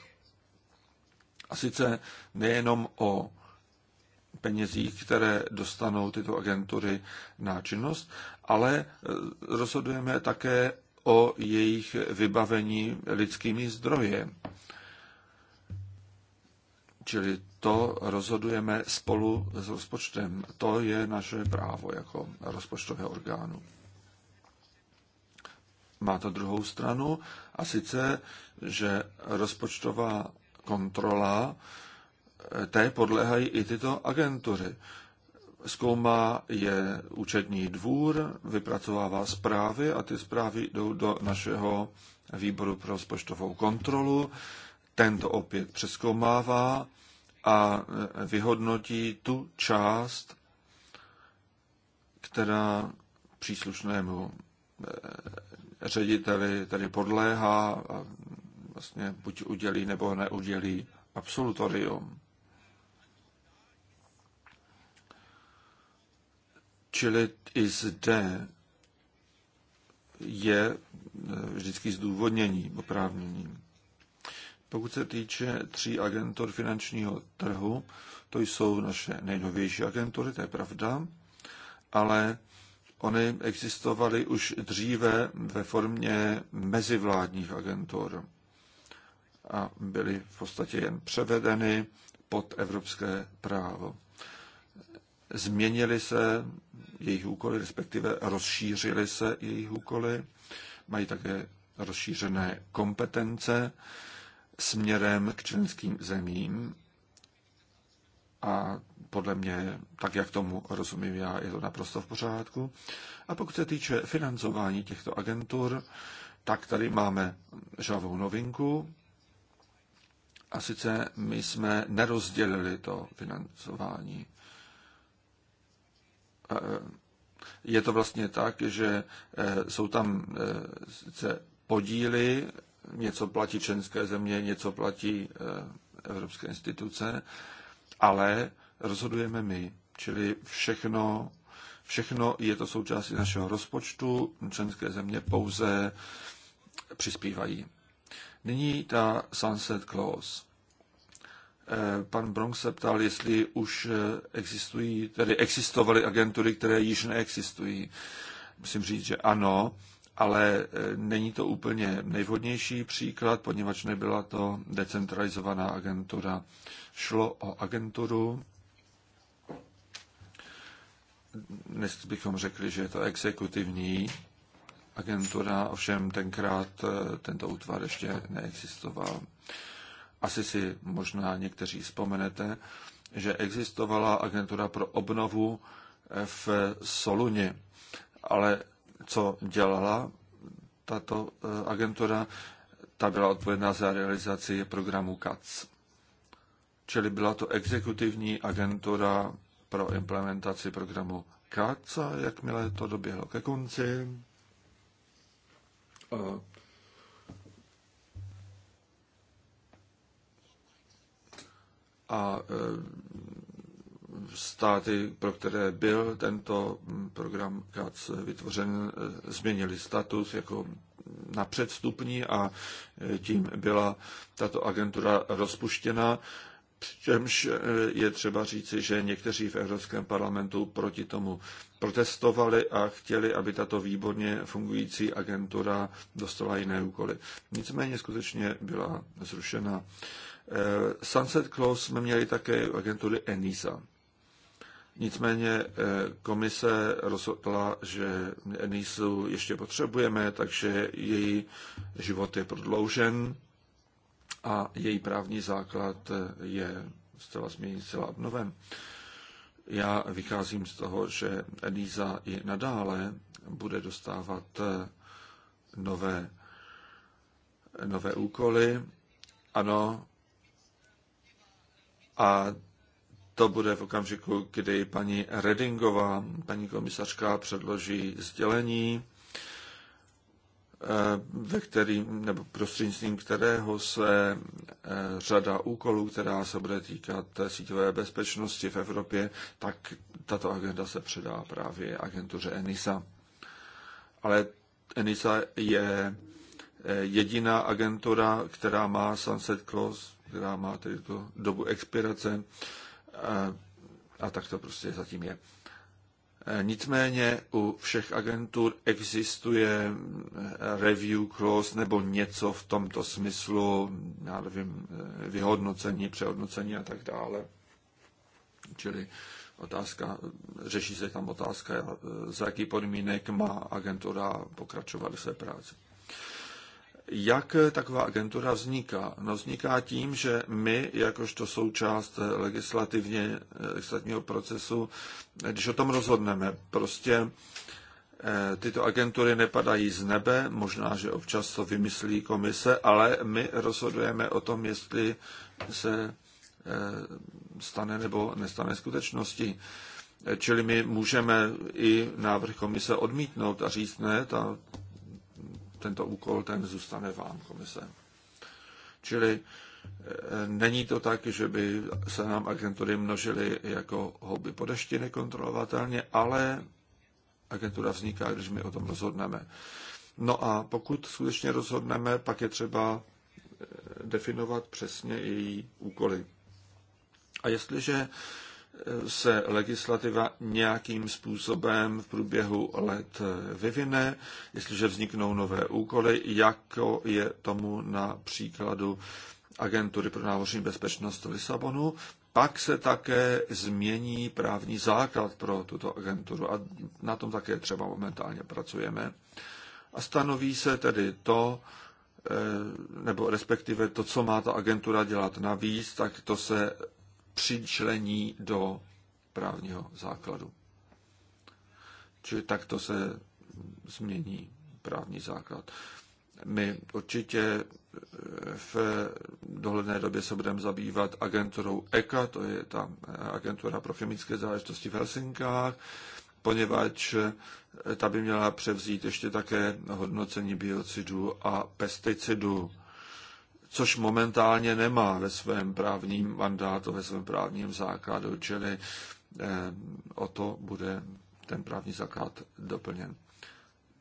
A sice nejenom o penězích, které dostanou tyto agentury na činnost, ale eh, rozhodujeme také o jejich vybavení lidskými zdroje. Čili to rozhodujeme spolu s rozpočtem. To je naše právo jako rozpočtového orgánu. Má to druhou stranu, a sice, že rozpočtová kontrola, eh, té podléhají i tyto agentury. Zkoumá je účetní dvůr, vypracovává zprávy a ty zprávy jdou do našeho výboru pro rozpočtovou kontrolu. Tento opět přeskoumává a vyhodnotí tu část, která příslušnému eh, řediteli tedy podléhá a vlastně buď udělí nebo neudělí absolutorium. Čili i zde je eh, vždycky zdůvodnění, oprávnění. Pokud se týče tří agentur finančního trhu, to jsou naše nejnovější agentury, to je pravda, ale Ony existovaly už dříve ve formě mezivládních agentur a byly v podstatě jen převedeny pod evropské právo. Změnily se jejich úkoly, respektive rozšířily se jejich úkoly, mají také rozšířené kompetence směrem k členským zemím a podle mě, tak jak tomu rozumím já, je to naprosto v pořádku. A pokud se týče financování těchto agentur, tak tady máme žavou novinku. A sice my jsme nerozdělili to financování. E, je to vlastně tak, že e, jsou tam e, sice podíly něco platí členské země, něco platí eh, evropské instituce, ale rozhodujeme my. Čili všechno, všechno je to součástí našeho rozpočtu, členské země pouze přispívají. Nyní ta sunset clause. Eh, pan Bronx se ptal, jestli už eh, existují, tedy existovaly agentury, které již neexistují. Musím říct, že ano ale e, není to úplně nejvhodnější příklad, poněvadž nebyla to decentralizovaná agentura. Šlo o agenturu, dnes bychom řekli, že je to exekutivní agentura, ovšem tenkrát e, tento útvar ještě neexistoval. Asi si možná někteří vzpomenete, že existovala agentura pro obnovu e, v Soluni, ale co dělala tato e, agentura, ta byla odpovědná za realizaci programu CAC. Čili byla to exekutivní agentura pro implementaci programu CAC a jakmile to doběhlo ke konci, e, a a e, státy, pro které byl tento program CAC vytvořen, eh, změnili status jako na předstupní a eh, tím byla tato agentura rozpuštěna. Přičemž eh, je třeba říci, že někteří v Evropském parlamentu proti tomu protestovali a chtěli, aby tato výborně fungující agentura dostala jiné úkoly. Nicméně skutečně byla zrušena. Sunset Clause jsme měli také agentury ENISA. Nicméně eh, komise rozhodla, že NISu ještě potřebujeme, takže její život je prodloužen a její právní základ eh, je zcela změněn, zcela obnoven. Já vycházím z toho, že Enisa i nadále bude dostávat eh, nové, nové úkoly. Ano, a to bude v okamžiku, kdy paní Redingová, paní komisařka, předloží sdělení, eh, ve kterým, nebo prostřednictvím kterého se eh, řada úkolů, která se bude týkat síťové bezpečnosti v Evropě, tak tato agenda se předá právě agentuře ENISA. Ale ENISA je eh, jediná agentura, která má sunset clause, která má tedy tu dobu expirace, a tak to prostě zatím je. E, nicméně u všech agentur existuje e, review clause nebo něco v tomto smyslu, já nevím, e, vyhodnocení, přehodnocení a tak dále. Čili otázka, řeší se tam otázka, za jaký podmínek má agentura pokračovat ve své práci. Jak taková agentura vzniká? No vzniká tím, že my, jakožto součást legislativně, legislativního procesu, když o tom rozhodneme, prostě eh, tyto agentury nepadají z nebe, možná, že občas to vymyslí komise, ale my rozhodujeme o tom, jestli se eh, stane nebo nestane skutečností. Čili my můžeme i návrh komise odmítnout a říct ne, ta tento úkol, ten zůstane vám, komise. Čili e, není to tak, že by se nám agentury množily jako houby po dešti nekontrolovatelně, ale agentura vzniká, když my o tom rozhodneme. No a pokud skutečně rozhodneme, pak je třeba e, definovat přesně její úkoly. A jestliže se legislativa nějakým způsobem v průběhu let vyvine, jestliže vzniknou nové úkoly, jako je tomu na příkladu agentury pro návořní bezpečnost v Lisabonu, pak se také změní právní základ pro tuto agenturu a na tom také třeba momentálně pracujeme. A stanoví se tedy to, eh, nebo respektive to, co má ta agentura dělat navíc, tak to se přičlení do právního základu. Čili takto se změní právní základ. My určitě v dohledné době se budeme zabývat agenturou ECA, to je ta agentura pro chemické záležitosti v Helsinkách, poněvadž ta by měla převzít ještě také hodnocení biocidů a pesticidů což momentálně nemá ve svém právním mandátu, ve svém právním základu, čili eh, o to bude ten právní základ doplněn.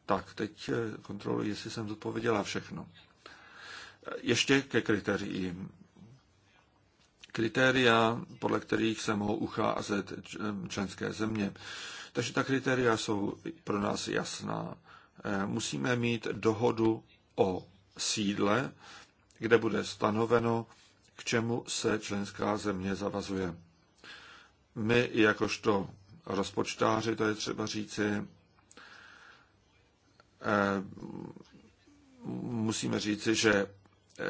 Tak, teď eh, kontroluji, jestli jsem zodpověděla všechno. Ještě ke kritériím. Kritéria, podle kterých se mohou ucházet členské země. Takže ta kritéria jsou pro nás jasná. Eh, musíme mít dohodu o sídle, kde bude stanoveno, k čemu se členská země zavazuje. My, jakožto rozpočtáři, to je třeba říci, eh, musíme říci, že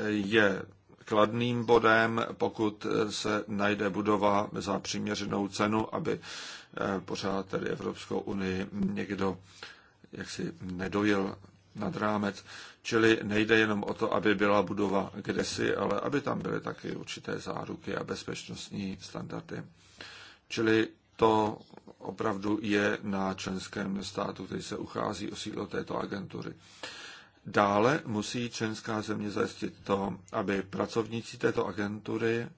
je kladným bodem, pokud se najde budova za přiměřenou cenu, aby eh, pořád tedy Evropskou unii někdo jaksi nedojel nad rámec. Čili nejde jenom o to, aby byla budova kdesi, ale aby tam byly taky určité záruky a bezpečnostní standardy. Čili to opravdu je na členském státu, který se uchází o sídlo této agentury. Dále musí členská země zajistit to, aby pracovníci této agentury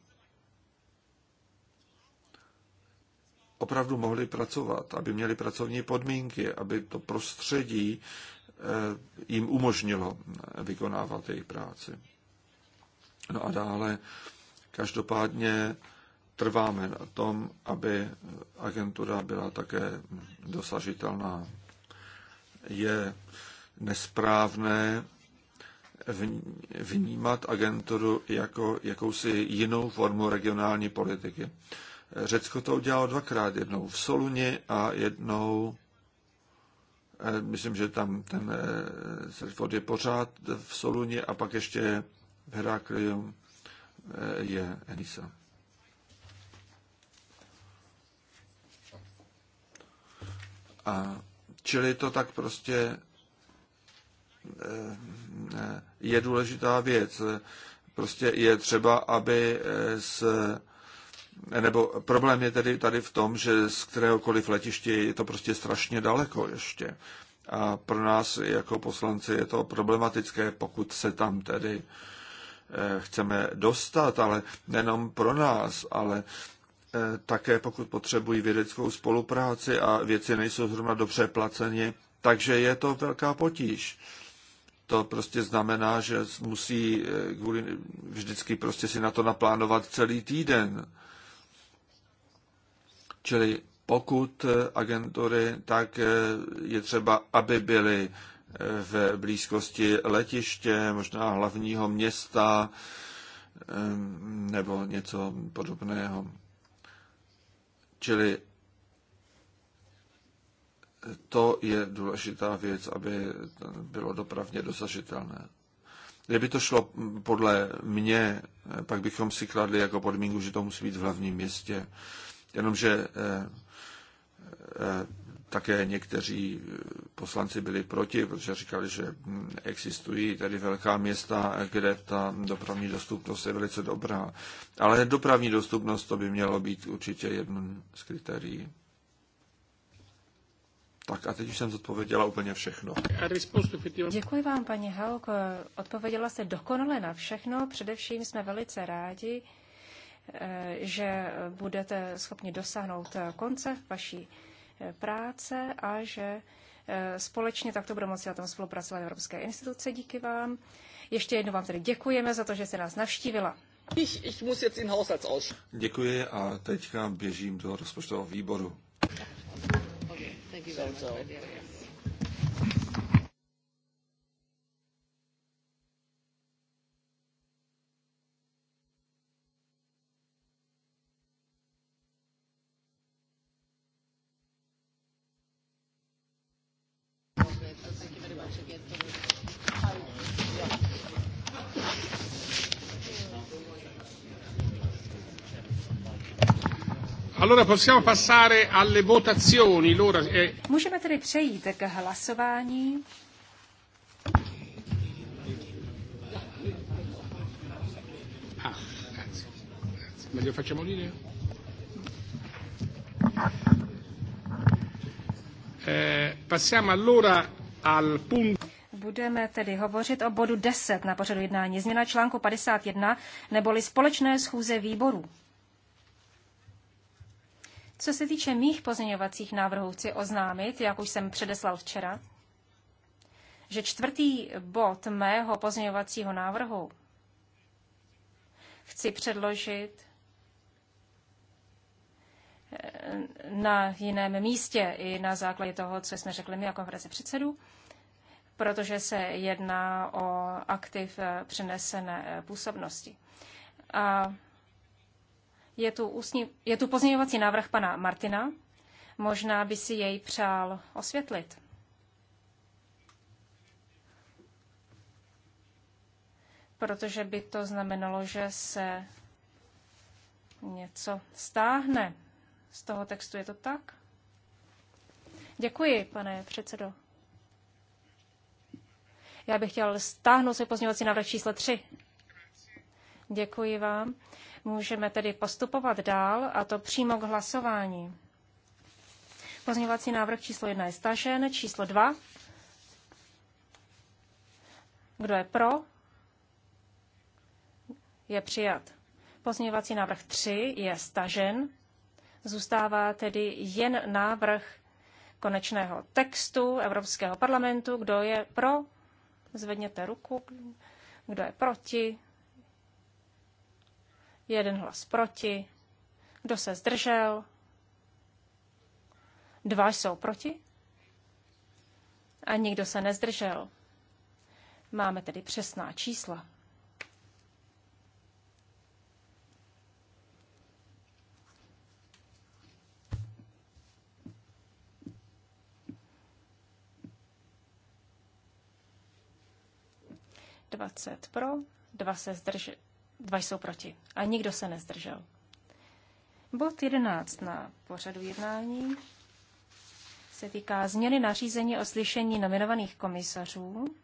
opravdu mohli pracovat, aby měli pracovní podmínky, aby to prostředí Eh, jim umožnilo vykonávat jejich práci. No a dále, každopádně trváme na tom, aby agentura byla také dosažitelná. Je nesprávné vnímat agenturu jako jakousi jinou formu regionální politiky. Řecko to udělalo dvakrát, jednou v Soluni a jednou Myslím, že tam ten eh, Serford je pořád v Soluně a pak ještě v Herakliu eh, je Enisa. A čili to tak prostě eh, je důležitá věc. Prostě je třeba, aby se nebo problém je tedy tady v tom, že z kteréhokoliv letiště je to prostě strašně daleko ještě. A pro nás jako poslanci je to problematické, pokud se tam tedy eh, chceme dostat, ale nejenom pro nás, ale eh, také pokud potřebují vědeckou spolupráci a věci nejsou zrovna dobře placeně, takže je to velká potíž. To prostě znamená, že musí eh, kvůli, vždycky prostě si na to naplánovat celý týden. Čili pokud eh, agentury, tak eh, je třeba, aby byly eh, v blízkosti letiště, možná hlavního města nebo něco podobného. Čili to je důležitá věc, aby bylo dopravně dosažitelné. Kdyby to šlo podle mě, pak bychom si kladli jako podmínku, že to musí být v hlavním městě. Jenomže eh, eh, také někteří poslanci byli proti, protože říkali, že hm, existují tady velká města, kde ta dopravní dostupnost je velice dobrá. Ale dopravní dostupnost to by mělo být určitě jedním z kritérií. Tak a teď už jsem zodpověděla úplně všechno. Děkuji vám, paní Halko. Odpověděla jste dokonale na všechno. Především jsme velice rádi, Eh, že budete schopni dosáhnout konce vaší eh, práce a že eh, společně takto budeme moci na tom spolupracovat Evropské instituce. Díky vám. Ještě jednou vám tedy děkujeme za to, že jste nás navštívila. Ich, ich muss jetzt in aus. Děkuji a teďka běžím do rozpočtového výboru. Okay, thank you very much. Allora possiamo passare alle votazioni. L'ora è... Eh, Můžeme tedy přejít k hlasování. Ah, facciamo lì? Eh, passiamo allora al punto... Budeme tedy hovořit o bodu 10 na pořadu jednání. Změna článku 51 neboli společné schůze výborů. Co se týče mých pozměňovacích návrhů, chci oznámit, jak už jsem předeslal včera, že čtvrtý bod mého pozměňovacího návrhu chci předložit eh, na jiném místě i na základě toho, co jsme řekli my jako konference předsedů, protože se jedná o aktiv eh, přenesené eh, působnosti. A je tu, ústní, je tu pozměňovací návrh pana Martina. Možná by si jej přál osvětlit. Protože by to znamenalo, že se něco stáhne z toho textu. Je to tak? Děkuji, pane předsedo. Já bych chtěl stáhnout se pozměňovací návrh číslo 3. Děkuji vám. Můžeme tedy postupovat dál a to přímo k hlasování. Pozměňovací návrh číslo 1 je stažen, číslo 2. Kdo je pro? Je přijat. Pozměňovací návrh 3 je stažen. Zůstává tedy jen návrh konečného textu Evropského parlamentu. Kdo je pro? Zvedněte ruku. Kdo je proti? jeden hlas proti, kdo se zdržel, dva jsou proti a nikdo se nezdržel. Máme tedy přesná čísla. Dvacet pro, dva se zdrželi Dva jsou proti a nikdo se nezdržel. Bod 11 na pořadu jednání se týká změny nařízení o slyšení nominovaných komisařů.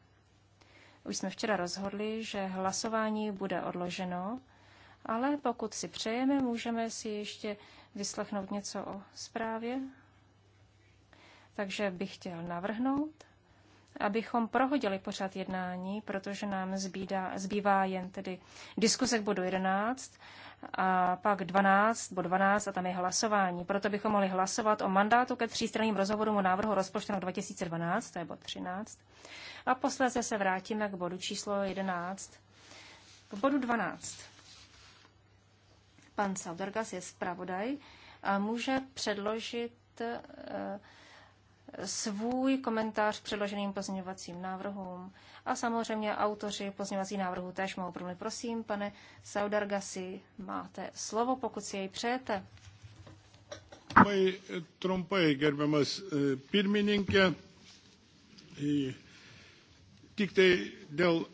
Už jsme včera rozhodli, že hlasování bude odloženo, ale pokud si přejeme, můžeme si ještě vyslechnout něco o zprávě. Takže bych chtěl navrhnout, abychom prohodili pořád jednání, protože nám zbýdá, zbývá jen tedy diskuse k bodu 11 a pak 12, bod 12 a tam je hlasování. Proto bychom mohli hlasovat o mandátu ke třístranným rozhovorům o návrhu rozpočtu na 2012, to je bod 13. A posléze se vrátíme k bodu číslo 11. K bodu 12. Pan Saudargas je zpravodaj a může předložit uh, svůj komentář k předloženým pozměňovacím návrhům. A samozřejmě autoři pozměňovacích návrhů též mohou promluvit. Prosím, pane Saudargasi, máte slovo, pokud si jej přejete. Trumpai, eh, trumpai, e gerbiamas eh, pirmininke, tik tai dėl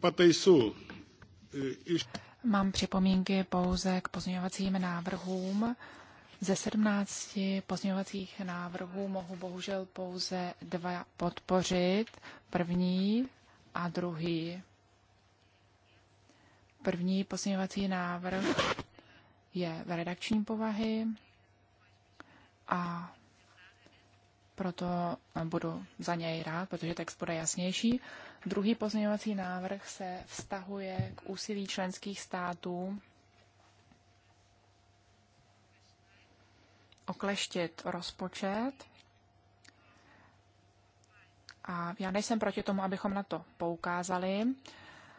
pataisų. Eh, Mám připomínky pouze k pozměňovacím návrhům ze 17 pozměňovacích návrhů mohu bohužel pouze dva podpořit, první a druhý. První pozměňovací návrh je v redakční povahy a proto budu za něj rád, protože text bude jasnější. Druhý pozměňovací návrh se vztahuje k úsilí členských států okleštit rozpočet. A já nejsem proti tomu, abychom na to poukázali.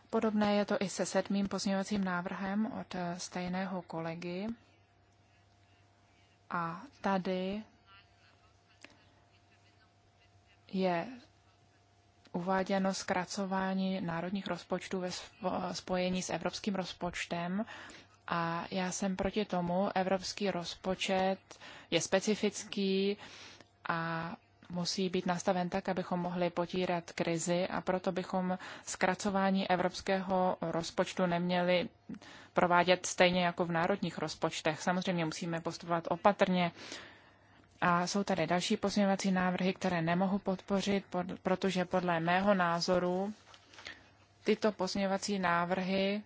Podobné je to i se sedmým pozměňovacím návrhem od stejného kolegy. A tady je uváděno zkracování národních rozpočtů ve spojení s evropským rozpočtem a já jsem proti tomu, evropský rozpočet je specifický a musí být nastaven tak, abychom mohli potírat krizi a proto bychom zkracování evropského rozpočtu neměli provádět stejně jako v národních rozpočtech. Samozřejmě musíme postupovat opatrně. A jsou tady další pozměňovací návrhy, které nemohu podpořit, protože podle mého názoru tyto pozměňovací návrhy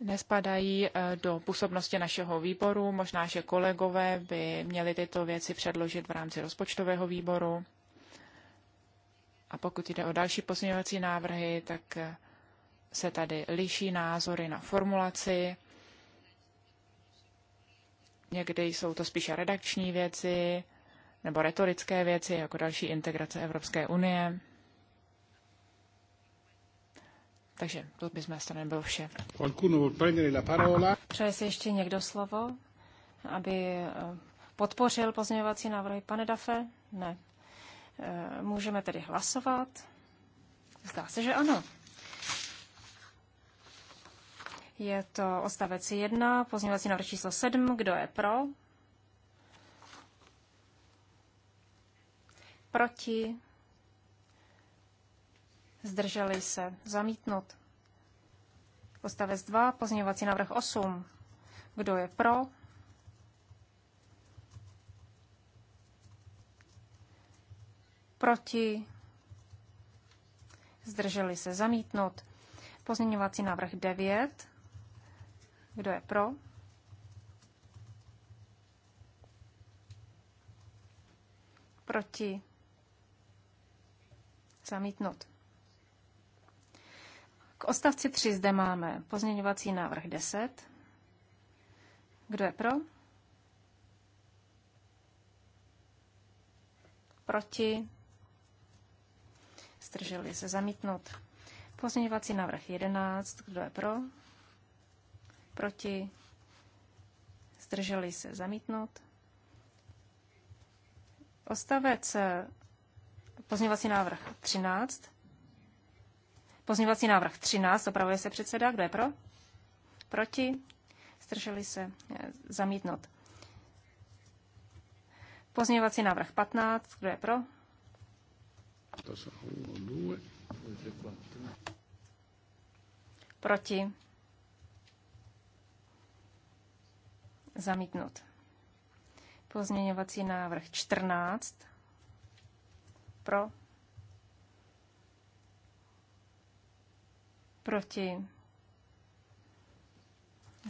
nespadají eh, do působnosti našeho výboru. Možná, že kolegové by měli tyto věci předložit v rámci rozpočtového výboru. A pokud jde o další pozměňovací návrhy, tak eh, se tady liší názory na formulaci. Někdy jsou to spíše redakční věci nebo retorické věci, jako další integrace Evropské unie. Takže to by z mé strany bylo vše. Přeje si ještě někdo slovo, aby eh, podpořil pozměňovací návrhy? Pane Dafe? Ne. Eh, můžeme tedy hlasovat? Zdá se, že ano. Je to odstavec 1, pozměňovací návrh číslo 7. Kdo je pro? Proti? zdrželi se, zamítnut. Postavec 2, pozměňovací návrh 8. Kdo je pro? Proti? Zdrželi se, zamítnut. Pozměňovací návrh 9. Kdo je pro? Proti? Zamítnut. K ostavci 3 zde máme pozměňovací návrh 10. Kdo je pro? Proti? Zdrželi se zamítnout. Pozměňovací návrh 11. Kdo je pro? Proti? Zdrželi se zamítnout. Ostavec eh, pozměňovací návrh 13. Pozměňovací návrh 13, opravuje se předseda, kdo je pro? Proti? Strželi se eh, zamítnout. Pozměňovací návrh 15, kdo je pro? Proti? Zamítnout. Pozměňovací návrh 14. Pro? proti,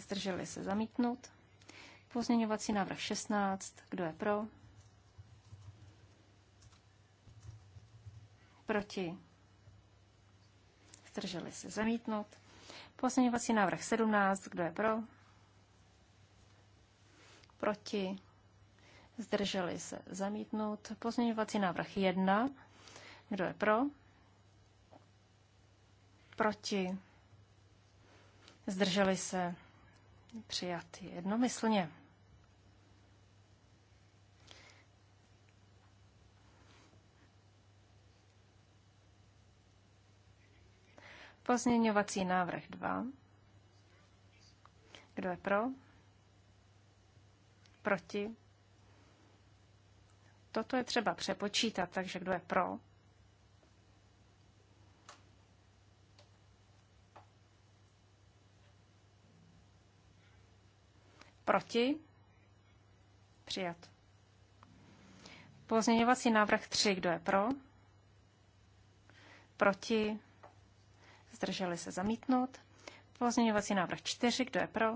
zdrželi se zamítnout. Pozměňovací návrh 16, kdo je pro, proti, zdrželi se zamítnout. Pozměňovací návrh 17, kdo je pro, proti, zdrželi se zamítnout. Pozměňovací návrh 1, kdo je pro, Proti? Zdrželi se? Přijat jednomyslně. Pozměňovací návrh 2. Kdo je pro? Proti? Toto je třeba přepočítat, takže kdo je pro? Proti? Přijat. Pozměňovací návrh 3. Kdo je pro? Proti? Zdrželi se zamítnout. Pozměňovací návrh 4. Kdo je pro?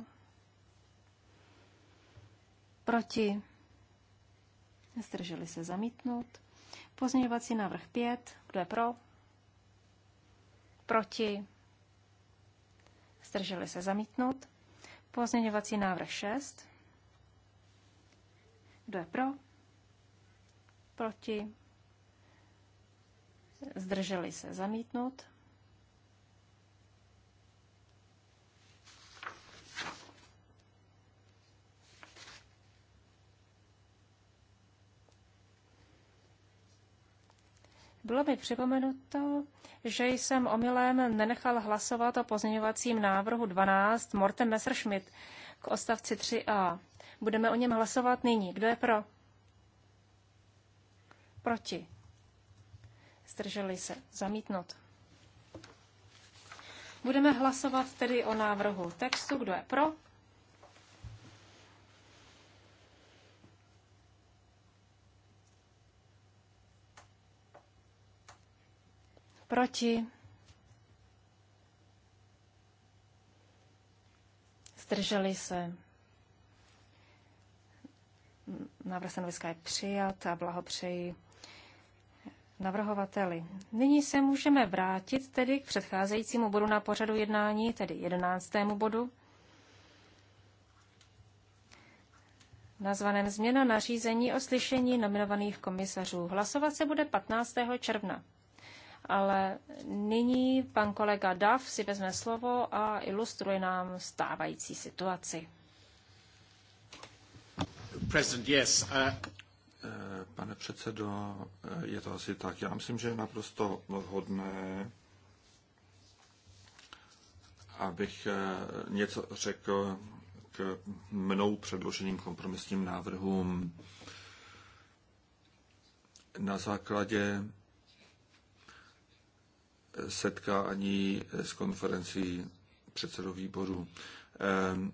Proti? Zdrželi se zamítnout. Pozměňovací návrh 5. Kdo je pro? Proti? Zdrželi se zamítnout. Pozměňovací návrh 6. Kdo je pro? Proti? Zdrželi se zamítnout. Bylo mi připomenuto, že jsem omylem nenechal hlasovat o pozměňovacím návrhu 12 Morten Messerschmidt k ostavci 3a. Budeme o něm hlasovat nyní. Kdo je pro? Proti. Zdrželi se. Zamítnout. Budeme hlasovat tedy o návrhu textu. Kdo je pro? Proti? Zdrželi se? Návrh stanoviska je přijat a blahopřeji navrhovateli. Nyní se můžeme vrátit tedy k předcházejícímu bodu na pořadu jednání, tedy jedenáctému bodu, nazvaném Změna nařízení o slyšení nominovaných komisařů. Hlasovat se bude 15. června ale nyní pan kolega Dav si vezme slovo a ilustruje nám stávající situaci. Yes. Uh, eh, pane předsedo, eh, je to asi tak. Já myslím, že je naprosto vhodné, abych eh, něco řekl k mnou předloženým kompromisním návrhům. Na základě setkání s konferencí předsedů výboru. Ehm,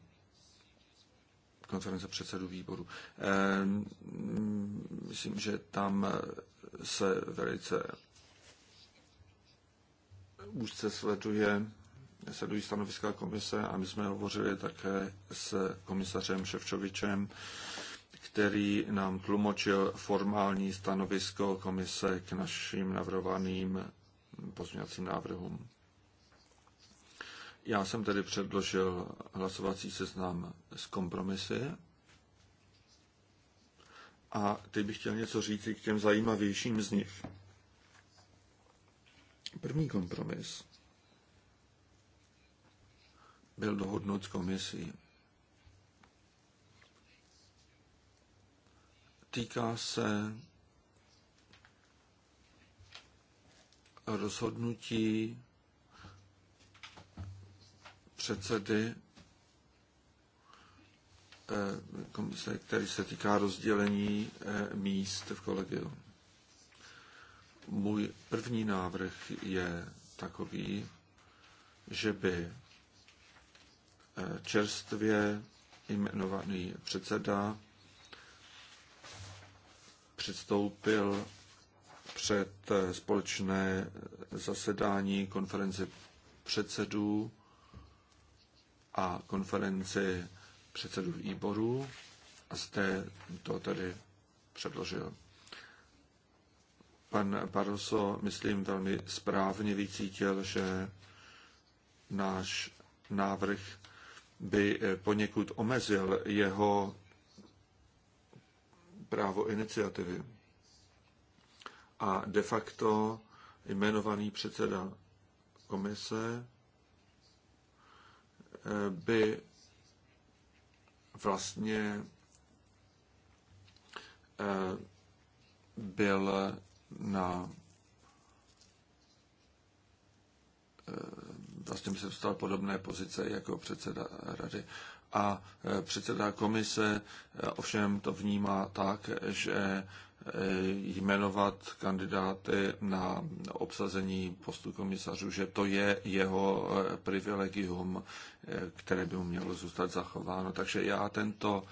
konference předsedů výboru. Ehm, myslím, že tam se velice úzce sleduje sledují stanoviska komise a my jsme hovořili také s komisařem Ševčovičem, který nám tlumočil formální stanovisko komise k našim navrhovaným pozměňovacím návrhům. Já jsem tedy předložil hlasovací seznam s kompromisy a teď bych chtěl něco říct k těm zajímavějším z nich. První kompromis byl dohodnut s komisí. Týká se rozhodnutí předsedy eh, komise, který se týká rozdělení eh, míst v kolegiu. Můj první návrh je takový, že by eh, čerstvě jmenovaný předseda předstoupil před eh, společné zasedání konference předsedů a konferenci předsedů výborů a jste to tedy předložil. Pan Barroso, myslím, velmi správně vycítil, že náš návrh by eh, poněkud omezil jeho právo iniciativy a de facto jmenovaný předseda komise eh, by vlastně eh, byl na eh, vlastně by se dostal podobné pozice jako předseda rady. A předseda komise ovšem to vnímá tak, že Eh, jmenovat kandidáty na obsazení postu komisařů, že to je jeho eh, privilegium, eh, které by mu mělo zůstat zachováno. Takže já tento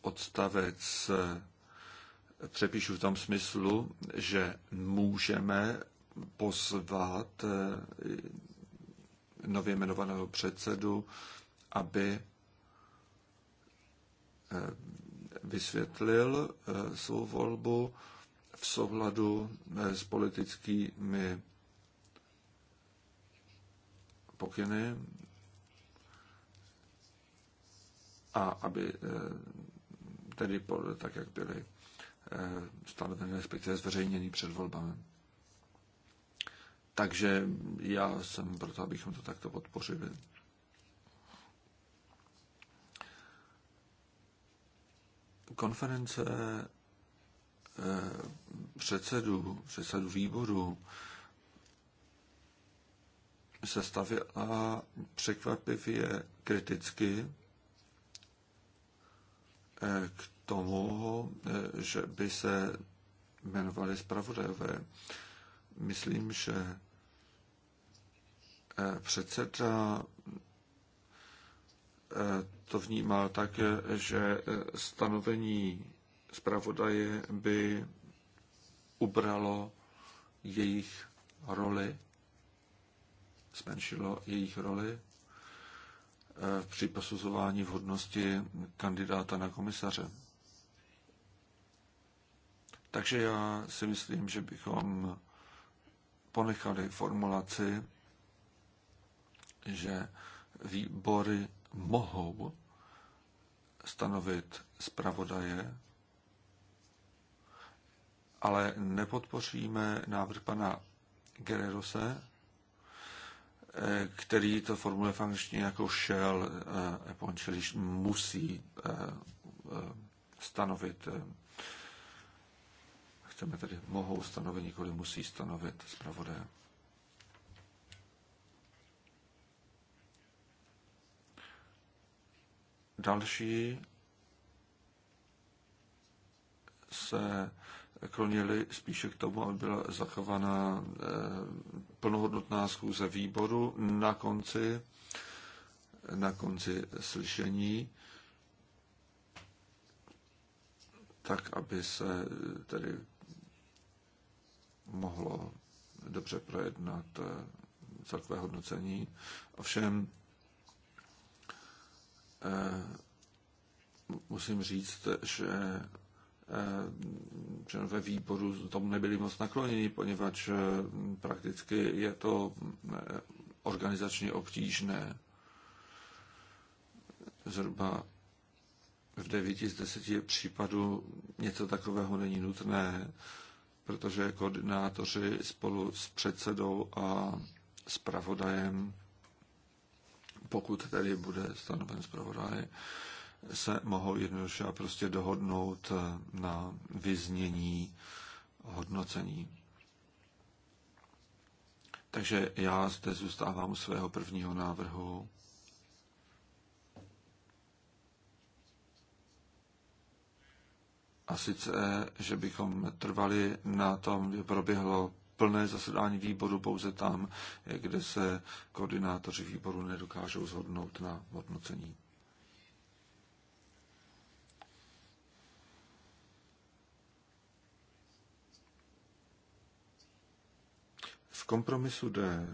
odstavec přepíšu v tom smyslu, že můžeme pozvat nově jmenovaného předsedu, aby vysvětlil eh, svou volbu v souhladu eh, s politickými pokyny a aby eh, tedy tak, jak byly stanoveny, respektive zveřejněny před volbami. Takže já jsem proto, abychom to takto podpořili. konference předsedů, eh, předsedů výboru se stavila překvapivě kriticky eh, k tomu, eh, že by se jmenovali zpravodajové. Myslím, že předseda to vnímal tak, že stanovení zpravodaje by ubralo jejich roli, zmenšilo jejich roli eh, při posuzování vhodnosti kandidáta na komisaře. Takže já si myslím, že bychom ponechali formulaci, že výbory mohou stanovit zpravodaje, ale nepodpoříme návrh pana Gererose, eh, který to formuluje v jako šel. čili eh, musí eh, stanovit, chceme tedy mohou stanovit, nikoli musí stanovit zpravodaje. Další se klonili spíše k tomu, aby byla zachovaná eh, plnohodnotná schůze výboru na konci, na konci slyšení, tak, aby se eh, tedy mohlo dobře projednat eh, celkové hodnocení. Ovšem Eh, musím říct, že eh, členové výboru tomu nebyli moc nakloněni, poněvadž eh, prakticky je to organizačně obtížné. Zhruba v devíti z deseti případů něco takového není nutné, protože koordinátoři spolu s předsedou a zpravodajem pokud tedy bude stanoven zpravodaj, se mohou jednoduše a prostě dohodnout eh, na vyznění hodnocení. Takže já zde zůstávám u svého prvního návrhu. A sice, že bychom trvali na tom, že proběhlo plné zasedání výboru pouze tam, kde se koordinátoři výboru nedokážou zhodnout na hodnocení. V kompromisu D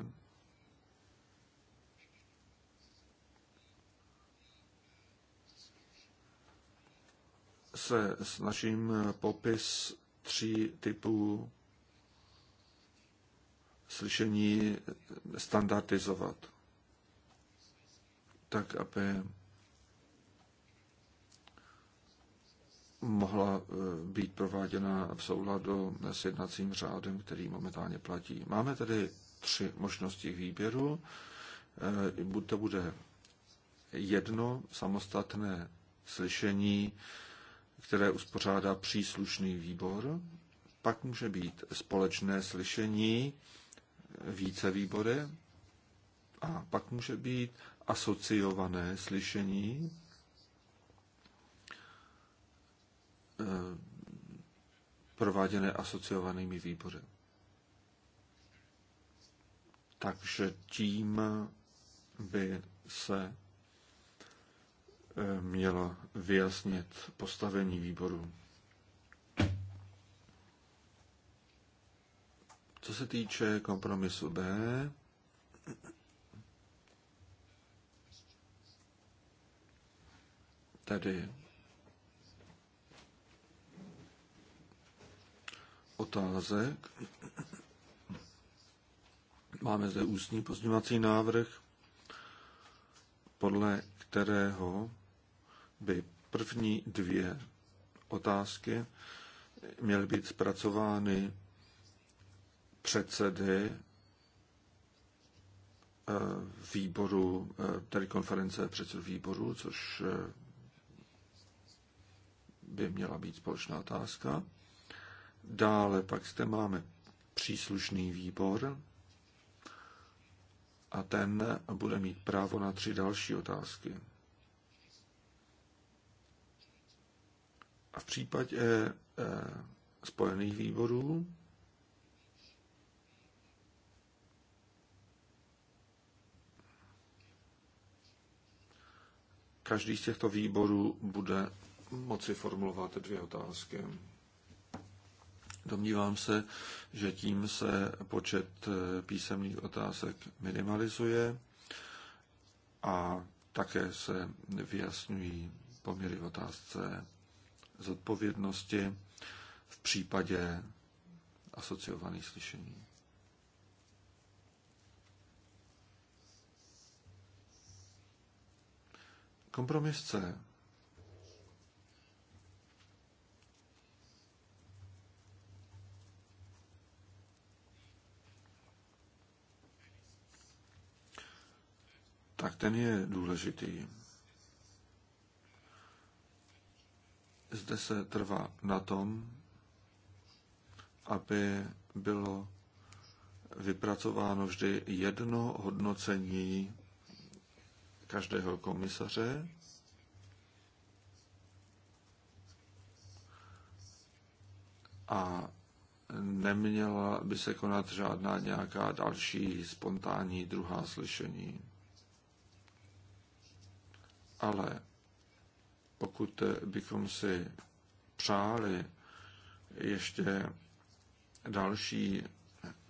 se snažím popis tří typů slyšení standardizovat, tak aby mohla eh, být prováděna v souladu s jednacím řádem, který momentálně platí. Máme tedy tři možnosti výběru. Eh, Buď to bude jedno samostatné slyšení, které uspořádá příslušný výbor, pak může být společné slyšení více výbory a pak může být asociované slyšení. Eh, prováděné asociovanými výbory. Takže tím by se eh, mělo vyjasnit postavení výboru. Co se týče kompromisu B, tady otázek. Máme zde ústní pozměňovací návrh, podle kterého by první dvě otázky měly být zpracovány předsedy eh, výboru, eh, tedy konference předsedů výboru, což eh, by měla být společná otázka. Dále pak zde máme příslušný výbor a ten bude mít právo na tři další otázky. A v případě spojených výborů každý z těchto výborů bude moci formulovat dvě otázky. Domnívám se, že tím se počet eh, písemných otázek minimalizuje a také se vyjasňují poměry v otázce zodpovědnosti v případě asociovaných slyšení. Kompromis C. Tak ten je důležitý. Zde se trvá na tom, aby bylo vypracováno vždy jedno hodnocení každého komisaře. A neměla by se konat žádná nějaká další spontánní druhá slyšení. Ale pokud bychom si přáli ještě další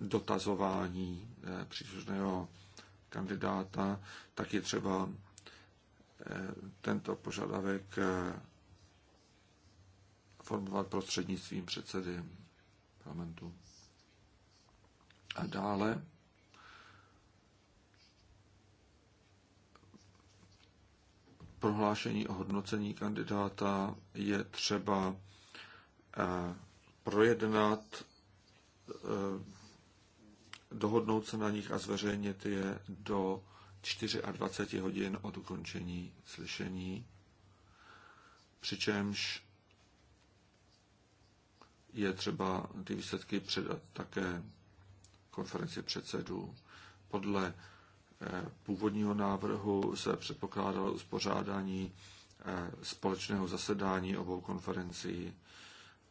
dotazování eh, příslušného kandidáta, tak je třeba eh, tento požadavek eh, formovat prostřednictvím předsedy parlamentu. A dále prohlášení o hodnocení kandidáta je třeba eh, projednat dohodnout se na nich a zveřejnit je do 24 hodin od ukončení slyšení, přičemž je třeba ty výsledky předat také konferenci předsedů. Podle eh, původního návrhu se předpokládalo uspořádání eh, společného zasedání obou konferencí,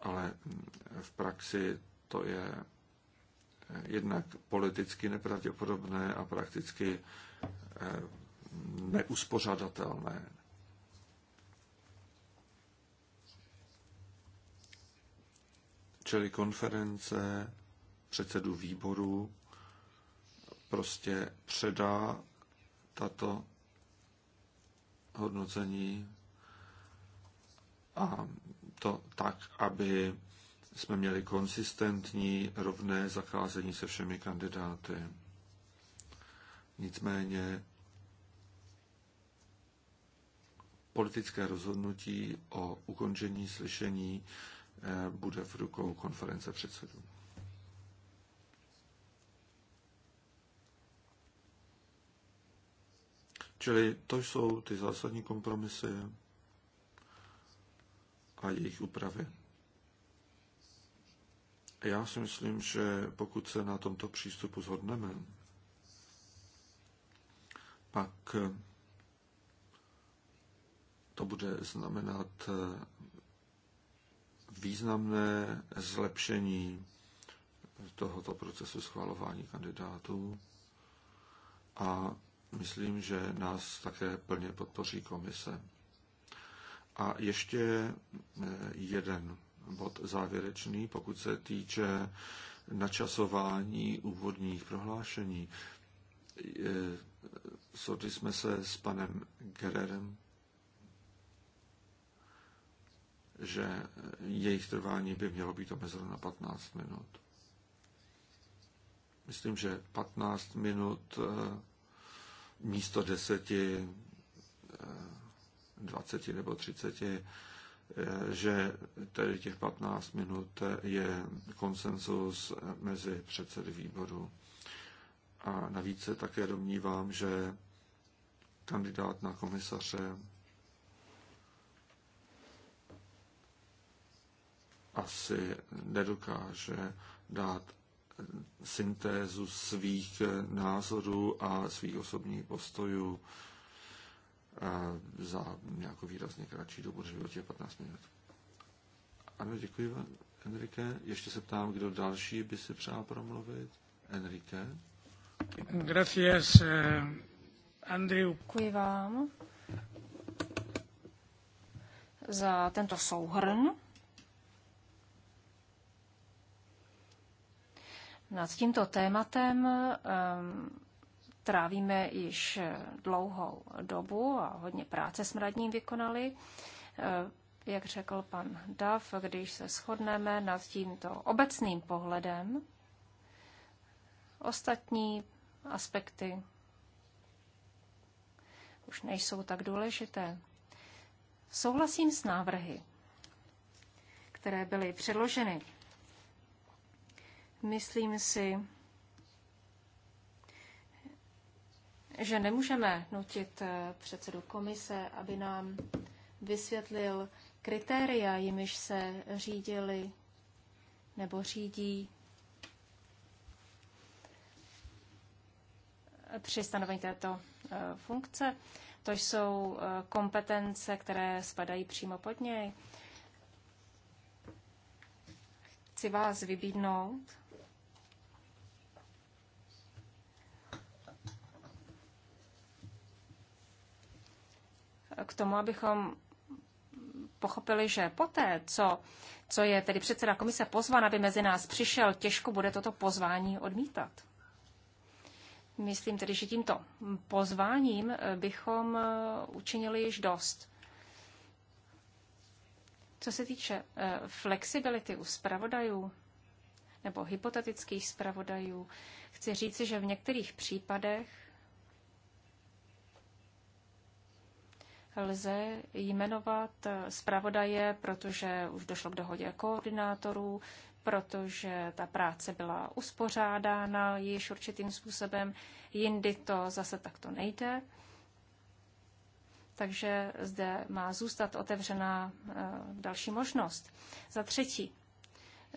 ale hm, v praxi to je jednak politicky nepravděpodobné a prakticky eh, neuspořadatelné. Čili konference předsedu výboru prostě předá tato hodnocení a to tak, aby jsme měli konsistentní, rovné zacházení se všemi kandidáty. Nicméně politické rozhodnutí o ukončení slyšení eh, bude v rukou konference předsedů. Čili to jsou ty zásadní kompromisy a jejich úpravy. Já si myslím, že pokud se na tomto přístupu zhodneme, pak to bude znamenat významné zlepšení tohoto procesu schvalování kandidátů a myslím, že nás také plně podpoří komise. A ještě jeden bod závěrečný, pokud se týče načasování úvodních prohlášení. Sodli jsme se s panem Gererem, že jejich trvání by mělo být omezeno na 15 minut. Myslím, že 15 minut eh, místo 10, 20 eh, nebo 30 Eh, že tady těch 15 minut je konsensus mezi předsedy výboru. A navíc se také domnívám, že kandidát na komisaře asi nedokáže dát syntézu svých názorů a svých osobních postojů za nějakou výrazně kratší dobu než bylo těch 15 minut. Ano, děkuji vám, Enrique. Ještě se ptám, kdo další by si přál promluvit. Enrique. Gracias, eh, Andrew. Děkuji vám za tento souhrn. Nad tímto tématem um, trávíme již eh, dlouhou dobu a hodně práce jsme nad ním vykonali. Eh, jak řekl pan Dav, když se shodneme nad tímto obecným pohledem, ostatní aspekty už nejsou tak důležité. Souhlasím s návrhy, které byly předloženy. Myslím si, že nemůžeme nutit eh, předsedu komise, aby nám vysvětlil kritéria, jimiž se řídili nebo řídí při stanovení této eh, funkce. To jsou eh, kompetence, které spadají přímo pod něj. Chci vás vybídnout, tomu, abychom pochopili, že poté, co, co je tedy předseda komise pozvan, aby mezi nás přišel, těžko bude toto pozvání odmítat. Myslím tedy, že tímto pozváním eh, bychom eh, učinili již dost. Co se týče eh, flexibility u zpravodajů nebo hypotetických zpravodajů, chci říci, že v některých případech lze jmenovat zpravodaje, protože už došlo k dohodě koordinátorů, protože ta práce byla uspořádána již určitým způsobem, jindy to zase takto nejde. Takže zde má zůstat otevřená eh, další možnost. Za třetí,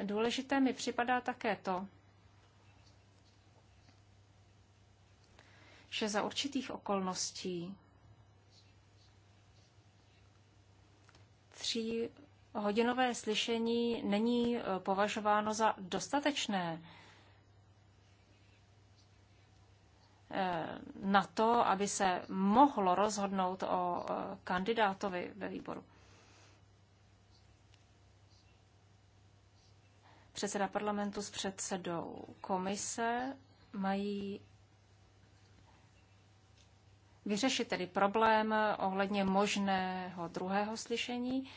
důležité mi připadá také to, že za určitých okolností tří hodinové slyšení není eh, považováno za dostatečné eh, na to, aby se mohlo rozhodnout o eh, kandidátovi ve výboru. Předseda parlamentu s předsedou komise mají vyřešit tedy problém ohledně možného druhého slyšení,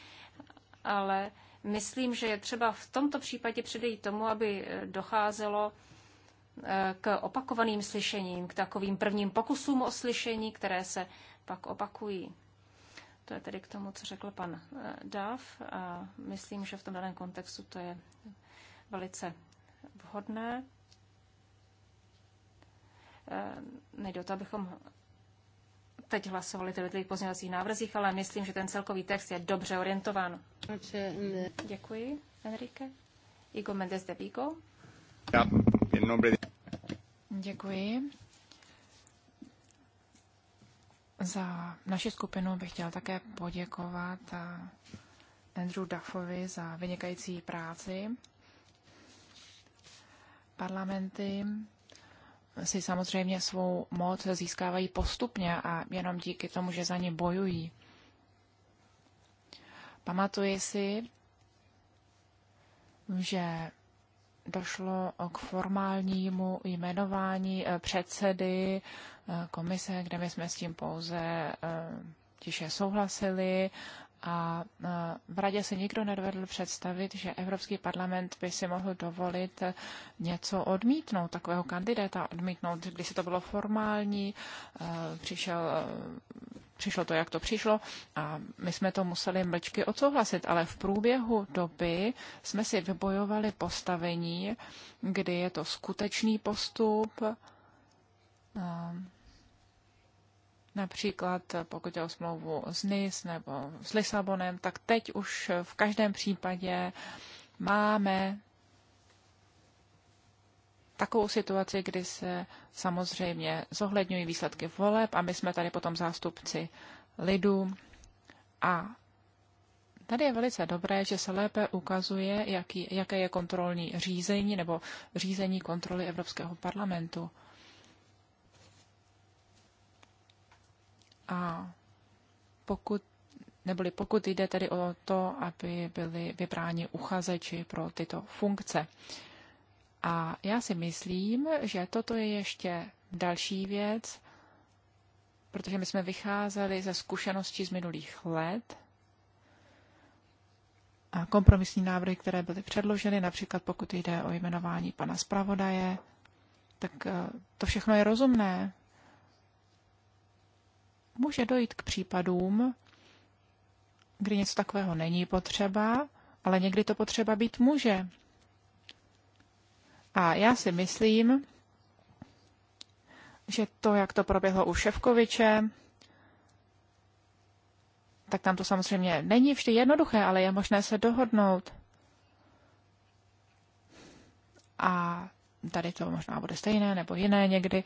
ale myslím, že je třeba v tomto případě předejít tomu, aby docházelo eh, k opakovaným slyšením, k takovým prvním pokusům o slyšení, které se pak opakují. To je tedy k tomu, co řekl pan eh, Dav. A myslím, že v tom daném kontextu to je velice vhodné. Eh, nejde o to, abychom teď hlasovali o těch pozměňovacích návrzích, ale myslím, že ten celkový text je dobře orientován. Děkuji, Enrique. Igo Mendes de Vigo. Děkuji. Za naši skupinu bych chtěl také poděkovat eh, Andrew Duffovi za vynikající práci. Parlamenty si samozřejmě svou moc získávají postupně a jenom díky tomu, že za ně bojují. Pamatuji si, že došlo k formálnímu jmenování eh, předsedy eh, komise, kde my jsme s tím pouze eh, tiše souhlasili a e, v radě se nikdo nedovedl představit, že Evropský parlament by si mohl dovolit e, něco odmítnout, takového kandidáta odmítnout, když se to bylo formální, e, přišel, přišlo to, jak to přišlo a my jsme to museli mlčky odsouhlasit, ale v průběhu doby jsme si vybojovali postavení, kdy je to skutečný postup, Například pokud je o smlouvu s NIS nebo s Lisabonem, tak teď už v každém případě máme takovou situaci, kdy se samozřejmě zohledňují výsledky voleb a my jsme tady potom zástupci lidu. A tady je velice dobré, že se lépe ukazuje, jaký, jaké je kontrolní řízení nebo řízení kontroly Evropského parlamentu. A pokud, neboli pokud jde tedy o to, aby byli vybráni uchazeči pro tyto funkce. A já si myslím, že toto je ještě další věc, protože my jsme vycházeli ze zkušeností z minulých let a kompromisní návrhy, které byly předloženy, například pokud jde o jmenování pana zpravodaje, tak eh, to všechno je rozumné může dojít k případům, kdy něco takového není potřeba, ale někdy to potřeba být může. A já si myslím, že to, jak to proběhlo u Ševkoviče, tak tam to samozřejmě není vždy jednoduché, ale je možné se dohodnout. A tady to možná bude stejné nebo jiné někdy,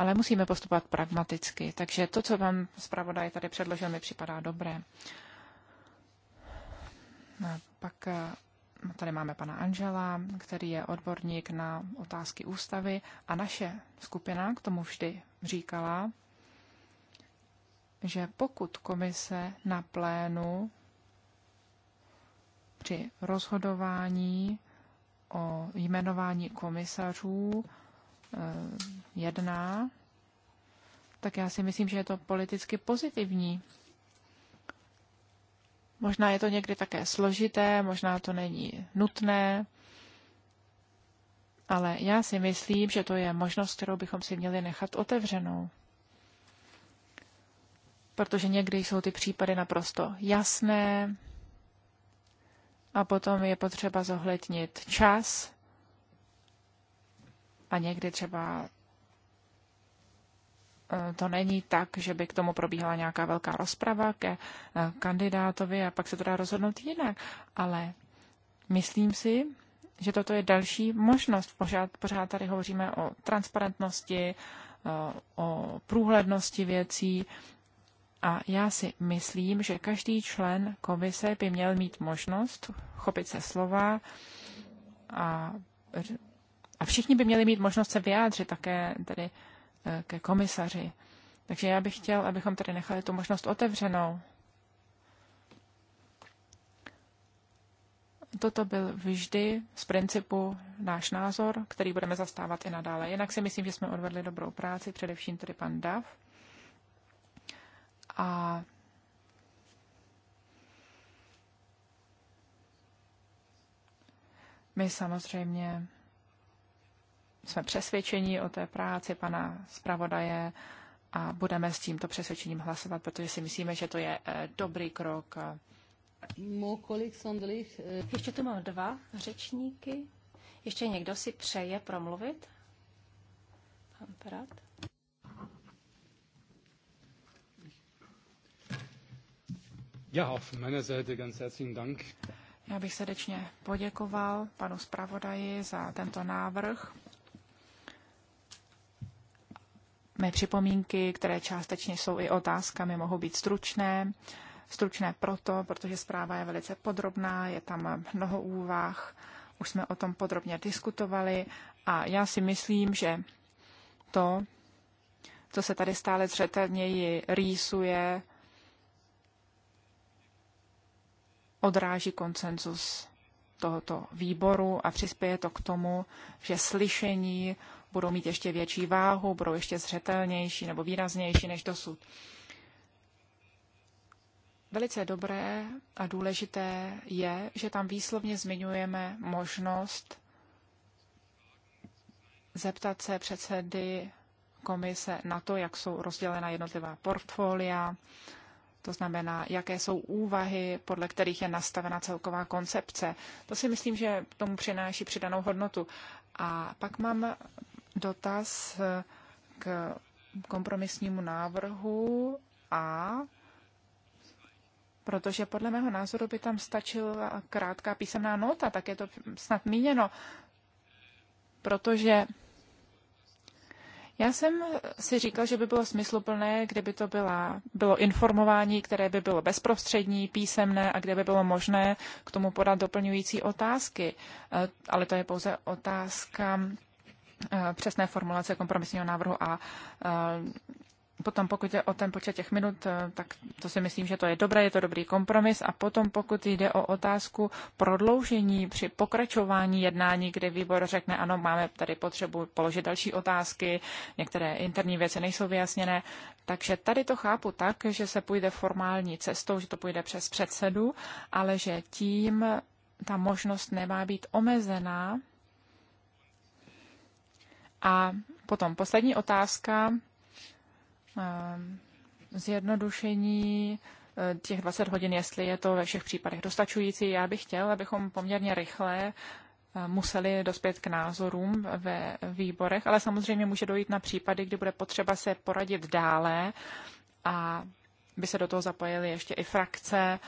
ale musíme postupovat pragmaticky. Takže to, co vám zpravodaj tady předložil, mi připadá dobré. A no, pak eh, tady máme pana Angela, který je odborník na otázky ústavy a naše skupina k tomu vždy říkala, že pokud komise na plénu při rozhodování o jmenování komisařů Eh, jedná, tak já si myslím, že je to politicky pozitivní. Možná je to někdy také složité, možná to není nutné, ale já si myslím, že to je možnost, kterou bychom si měli nechat otevřenou. Protože někdy jsou ty případy naprosto jasné a potom je potřeba zohlednit čas a někdy třeba e, to není tak, že by k tomu probíhala nějaká velká rozprava ke e, kandidátovi a pak se to dá rozhodnout jinak. Ale myslím si, že toto je další možnost. Pořád, pořád tady hovoříme o transparentnosti, e, o průhlednosti věcí. A já si myslím, že každý člen komise by měl mít možnost chopit se slova a a všichni by měli mít možnost se vyjádřit také tedy eh, ke komisaři. Takže já bych chtěl, abychom tady nechali tu možnost otevřenou. Toto byl vždy z principu náš názor, který budeme zastávat i nadále. Jinak si myslím, že jsme odvedli dobrou práci, především tedy pan Dav. A my samozřejmě jsme přesvědčeni o té práci pana zpravodaje a budeme s tímto přesvědčením hlasovat, protože si myslíme, že to je eh, dobrý krok. Eh, Ještě tu mám dva řečníky. Ještě někdo si přeje promluvit? Pan Prat. Já bych srdečně poděkoval panu zpravodaji za tento návrh. Mé připomínky, které částečně jsou i otázkami, mohou být stručné. Stručné proto, protože zpráva je velice podrobná, je tam mnoho úvah, už jsme o tom podrobně diskutovali a já si myslím, že to, co se tady stále zřetelněji rýsuje, odráží konsenzus tohoto výboru a přispěje to k tomu, že slyšení budou mít ještě větší váhu, budou ještě zřetelnější nebo výraznější než dosud. Velice dobré a důležité je, že tam výslovně zmiňujeme možnost zeptat se předsedy komise na to, jak jsou rozdělena jednotlivá portfolia, to znamená, jaké jsou úvahy, podle kterých je nastavena celková koncepce. To si myslím, že tomu přináší přidanou hodnotu. A pak mám dotaz eh, k kompromisnímu návrhu A, protože podle mého názoru by tam stačila krátká písemná nota, tak je to snad míněno, protože já jsem si říkal, že by bylo smysluplné, kdyby to byla, bylo informování, které by bylo bezprostřední, písemné a kde by bylo možné k tomu podat doplňující otázky. Eh, ale to je pouze otázka Eh, přesné formulace kompromisního návrhu a eh, Potom pokud je o ten počet těch minut, eh, tak to si myslím, že to je dobré, je to dobrý kompromis. A potom pokud jde o otázku prodloužení při pokračování jednání, kde výbor řekne, ano, máme tady potřebu položit další otázky, některé interní věci nejsou vyjasněné, takže tady to chápu tak, že se půjde formální cestou, že to půjde přes předsedu, ale že tím ta možnost nemá být omezená a potom poslední otázka. Ehm, zjednodušení eh, těch 20 hodin, jestli je to ve všech případech dostačující. Já bych chtěl, abychom poměrně rychle eh, museli dospět k názorům ve výborech, ale samozřejmě může dojít na případy, kdy bude potřeba se poradit dále a by se do toho zapojily ještě i frakce.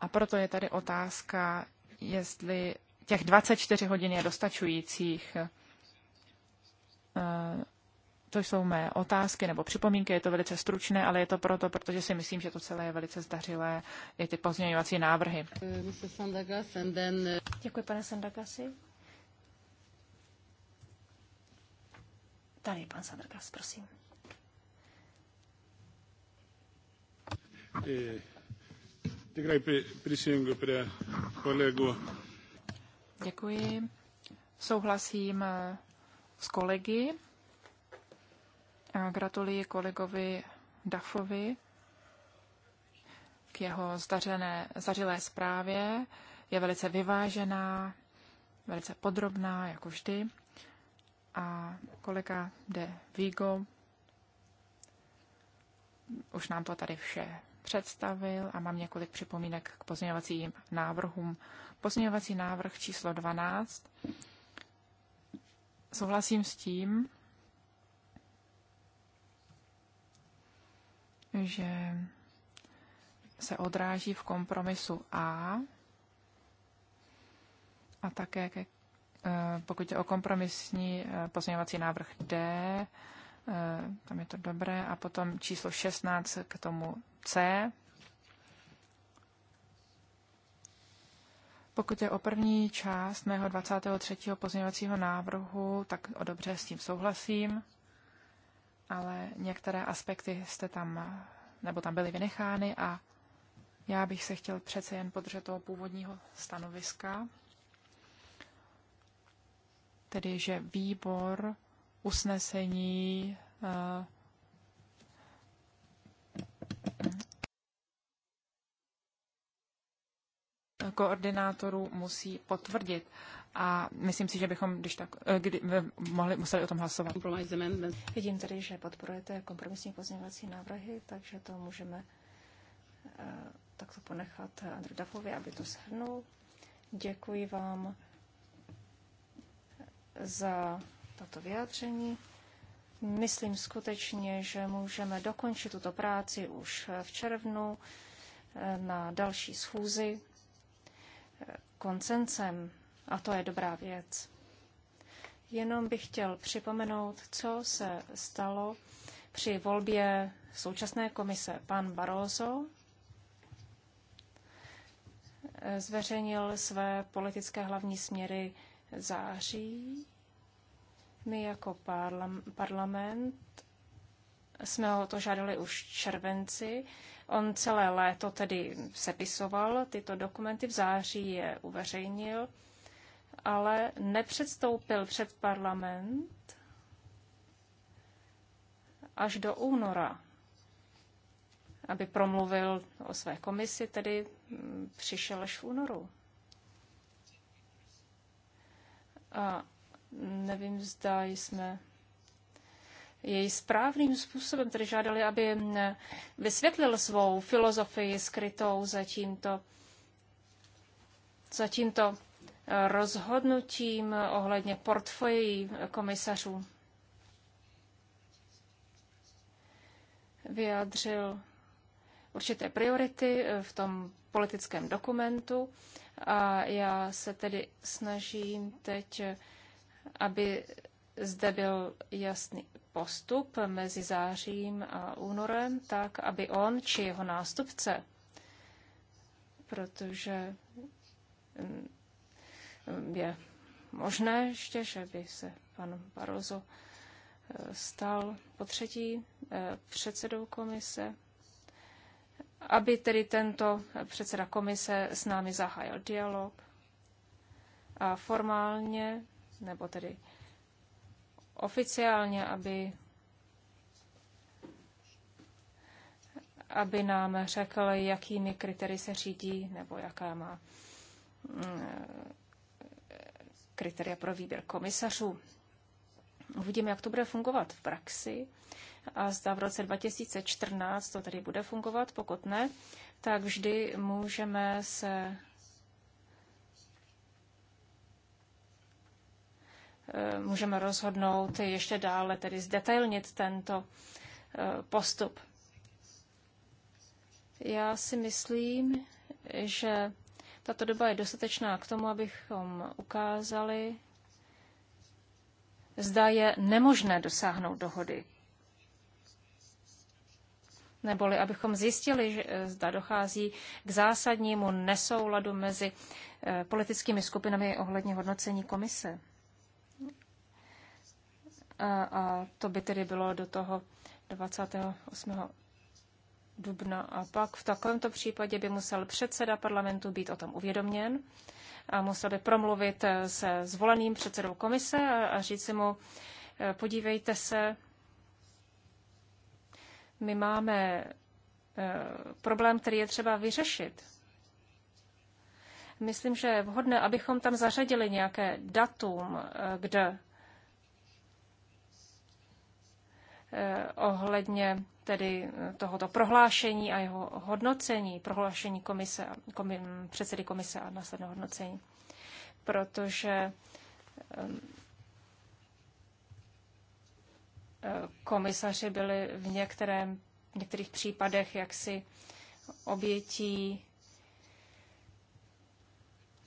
A proto je tady otázka, jestli těch 24 hodin je dostačujících. Eh, to jsou mé otázky nebo připomínky, je to velice stručné, ale je to proto, protože si myslím, že to celé je velice zdařilé, i ty pozměňovací návrhy. Děkuji, pane Sandagasi. Tady je pan Sandagas, prosím. Eh, Děkuji. Souhlasím eh, s kolegy. gratuluji kolegovi Dafovi k jeho zdařené, zdařilé zprávě. Je velice vyvážená, velice podrobná, jako vždy. A kolega de Vigo už nám to tady vše představil a mám několik připomínek k pozměňovacím návrhům. Pozměňovací návrh číslo 12 souhlasím s tím, že se odráží v kompromisu A a také, ke, eh, pokud je o kompromisní eh, pozměňovací návrh D, eh, tam je to dobré, a potom číslo 16 k tomu C, Pokud je o první část mého 23. pozměňovacího návrhu, tak o dobře s tím souhlasím, ale některé aspekty jste tam, nebo tam byly vynechány a já bych se chtěl přece jen podržet toho původního stanoviska, tedy že výbor usnesení uh, koordinátorů musí potvrdit. A myslím si, že bychom, když tak, eh, kdy, eh, mohli, museli o tom hlasovat. Vidím tedy, že podporujete kompromisní pozměňovací návrhy, takže to můžeme eh, takto ponechat Andru Dafovi, aby to shrnul. Děkuji vám za tato vyjádření. Myslím skutečně, že můžeme dokončit tuto práci už v červnu na další schůzi koncensem a to je dobrá věc. Jenom bych chtěl připomenout, co se stalo při volbě současné komise. Pan Barroso zveřejnil své politické hlavní směry září. My jako parlament jsme ho to žádali už v červenci. On celé léto tedy sepisoval tyto dokumenty, v září je uveřejnil, ale nepředstoupil před parlament až do února, aby promluvil o své komisi, tedy mm, přišel až v únoru. A nevím, zda jsme jej správným způsobem, tedy žádali, aby vysvětlil svou filozofii skrytou za tímto, za tímto eh, rozhodnutím ohledně portfolií komisařů. Vyjádřil určité priority eh, v tom politickém dokumentu a já se tedy snažím teď, eh, aby zde byl jasný postup mezi zářím a únorem, tak aby on či jeho nástupce, protože mm, je možné ještě, že by se pan Barozo e, stal po třetí e, předsedou komise, aby tedy tento předseda komise s námi zahájil dialog a formálně, nebo tedy oficiálně, aby, aby nám řekl, jakými kritery se řídí nebo jaká má mm, kritéria pro výběr komisařů. Uvidíme, jak to bude fungovat v praxi a zda v roce 2014 to tedy bude fungovat, pokud ne, tak vždy můžeme se Eh, můžeme rozhodnout ještě dále, tedy zdetailnit tento eh, postup. Já si myslím, že tato doba je dostatečná k tomu, abychom ukázali, zda je nemožné dosáhnout dohody. Neboli abychom zjistili, že eh, zda dochází k zásadnímu nesouladu mezi politickými skupinami ohledně hodnocení komise a to by tedy bylo do toho 28. dubna. A pak v takovémto případě by musel předseda parlamentu být o tom uvědoměn a musel by promluvit eh, se zvoleným předsedou komise a říct si mu, eh, podívejte se, my máme eh, problém, který je třeba vyřešit. Myslím, že je vhodné, abychom tam zařadili nějaké datum, kde Eh, ohledně tedy eh, tohoto prohlášení a jeho hodnocení, prohlášení komise, komi, předsedy komise a následné hodnocení. Protože ehm, eh, komisaři byli v, některém, v některých případech jaksi obětí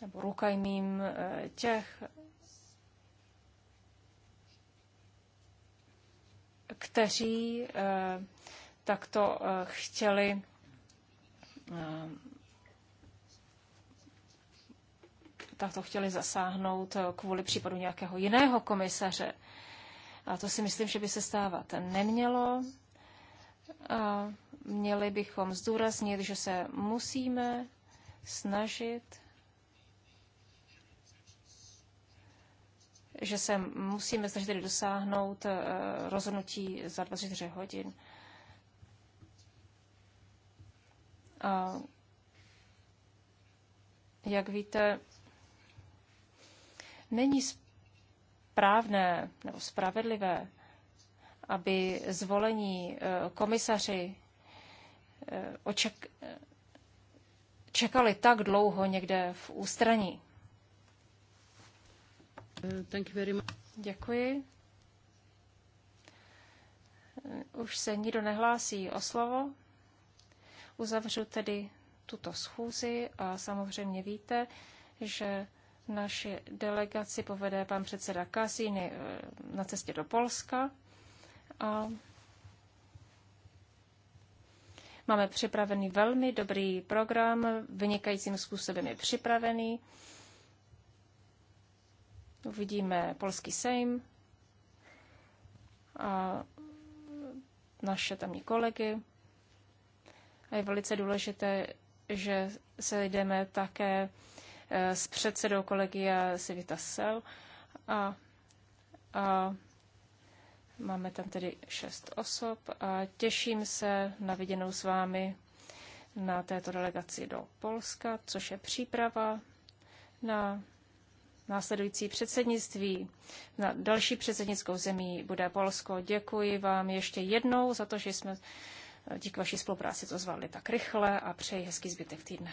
nebo rukajmím těch kteří eh, takto eh, chtěli eh, takto chtěli zasáhnout kvůli případu nějakého jiného komisaře. A to si myslím, že by se stávat nemělo. A měli bychom zdůraznit, že se musíme snažit že se musíme snažit tedy dosáhnout eh, rozhodnutí za 24 hodin. A jak víte, není správné nebo spravedlivé, aby zvolení eh, komisaři eh, čekali tak dlouho někde v ústraní. Děkuji. Už se nikdo nehlásí o slovo. Uzavřu tedy tuto schůzi a samozřejmě víte, že naši delegaci povede pan předseda Kasíny eh, na cestě do Polska. A máme připravený velmi dobrý program, vynikajícím způsobem je připravený uvidíme polský sejm a naše tamní kolegy. A je velice důležité, že se jdeme také eh, s předsedou kolegia Sivita Sel a, a máme tam tedy šest osob a těším se na viděnou s vámi na této delegaci do Polska, což je příprava na následující předsednictví. Na další předsednickou zemí bude Polsko. Děkuji vám ještě jednou za to, že jsme díky vaší spolupráci to zvládli tak rychle a přeji hezký zbytek týdne.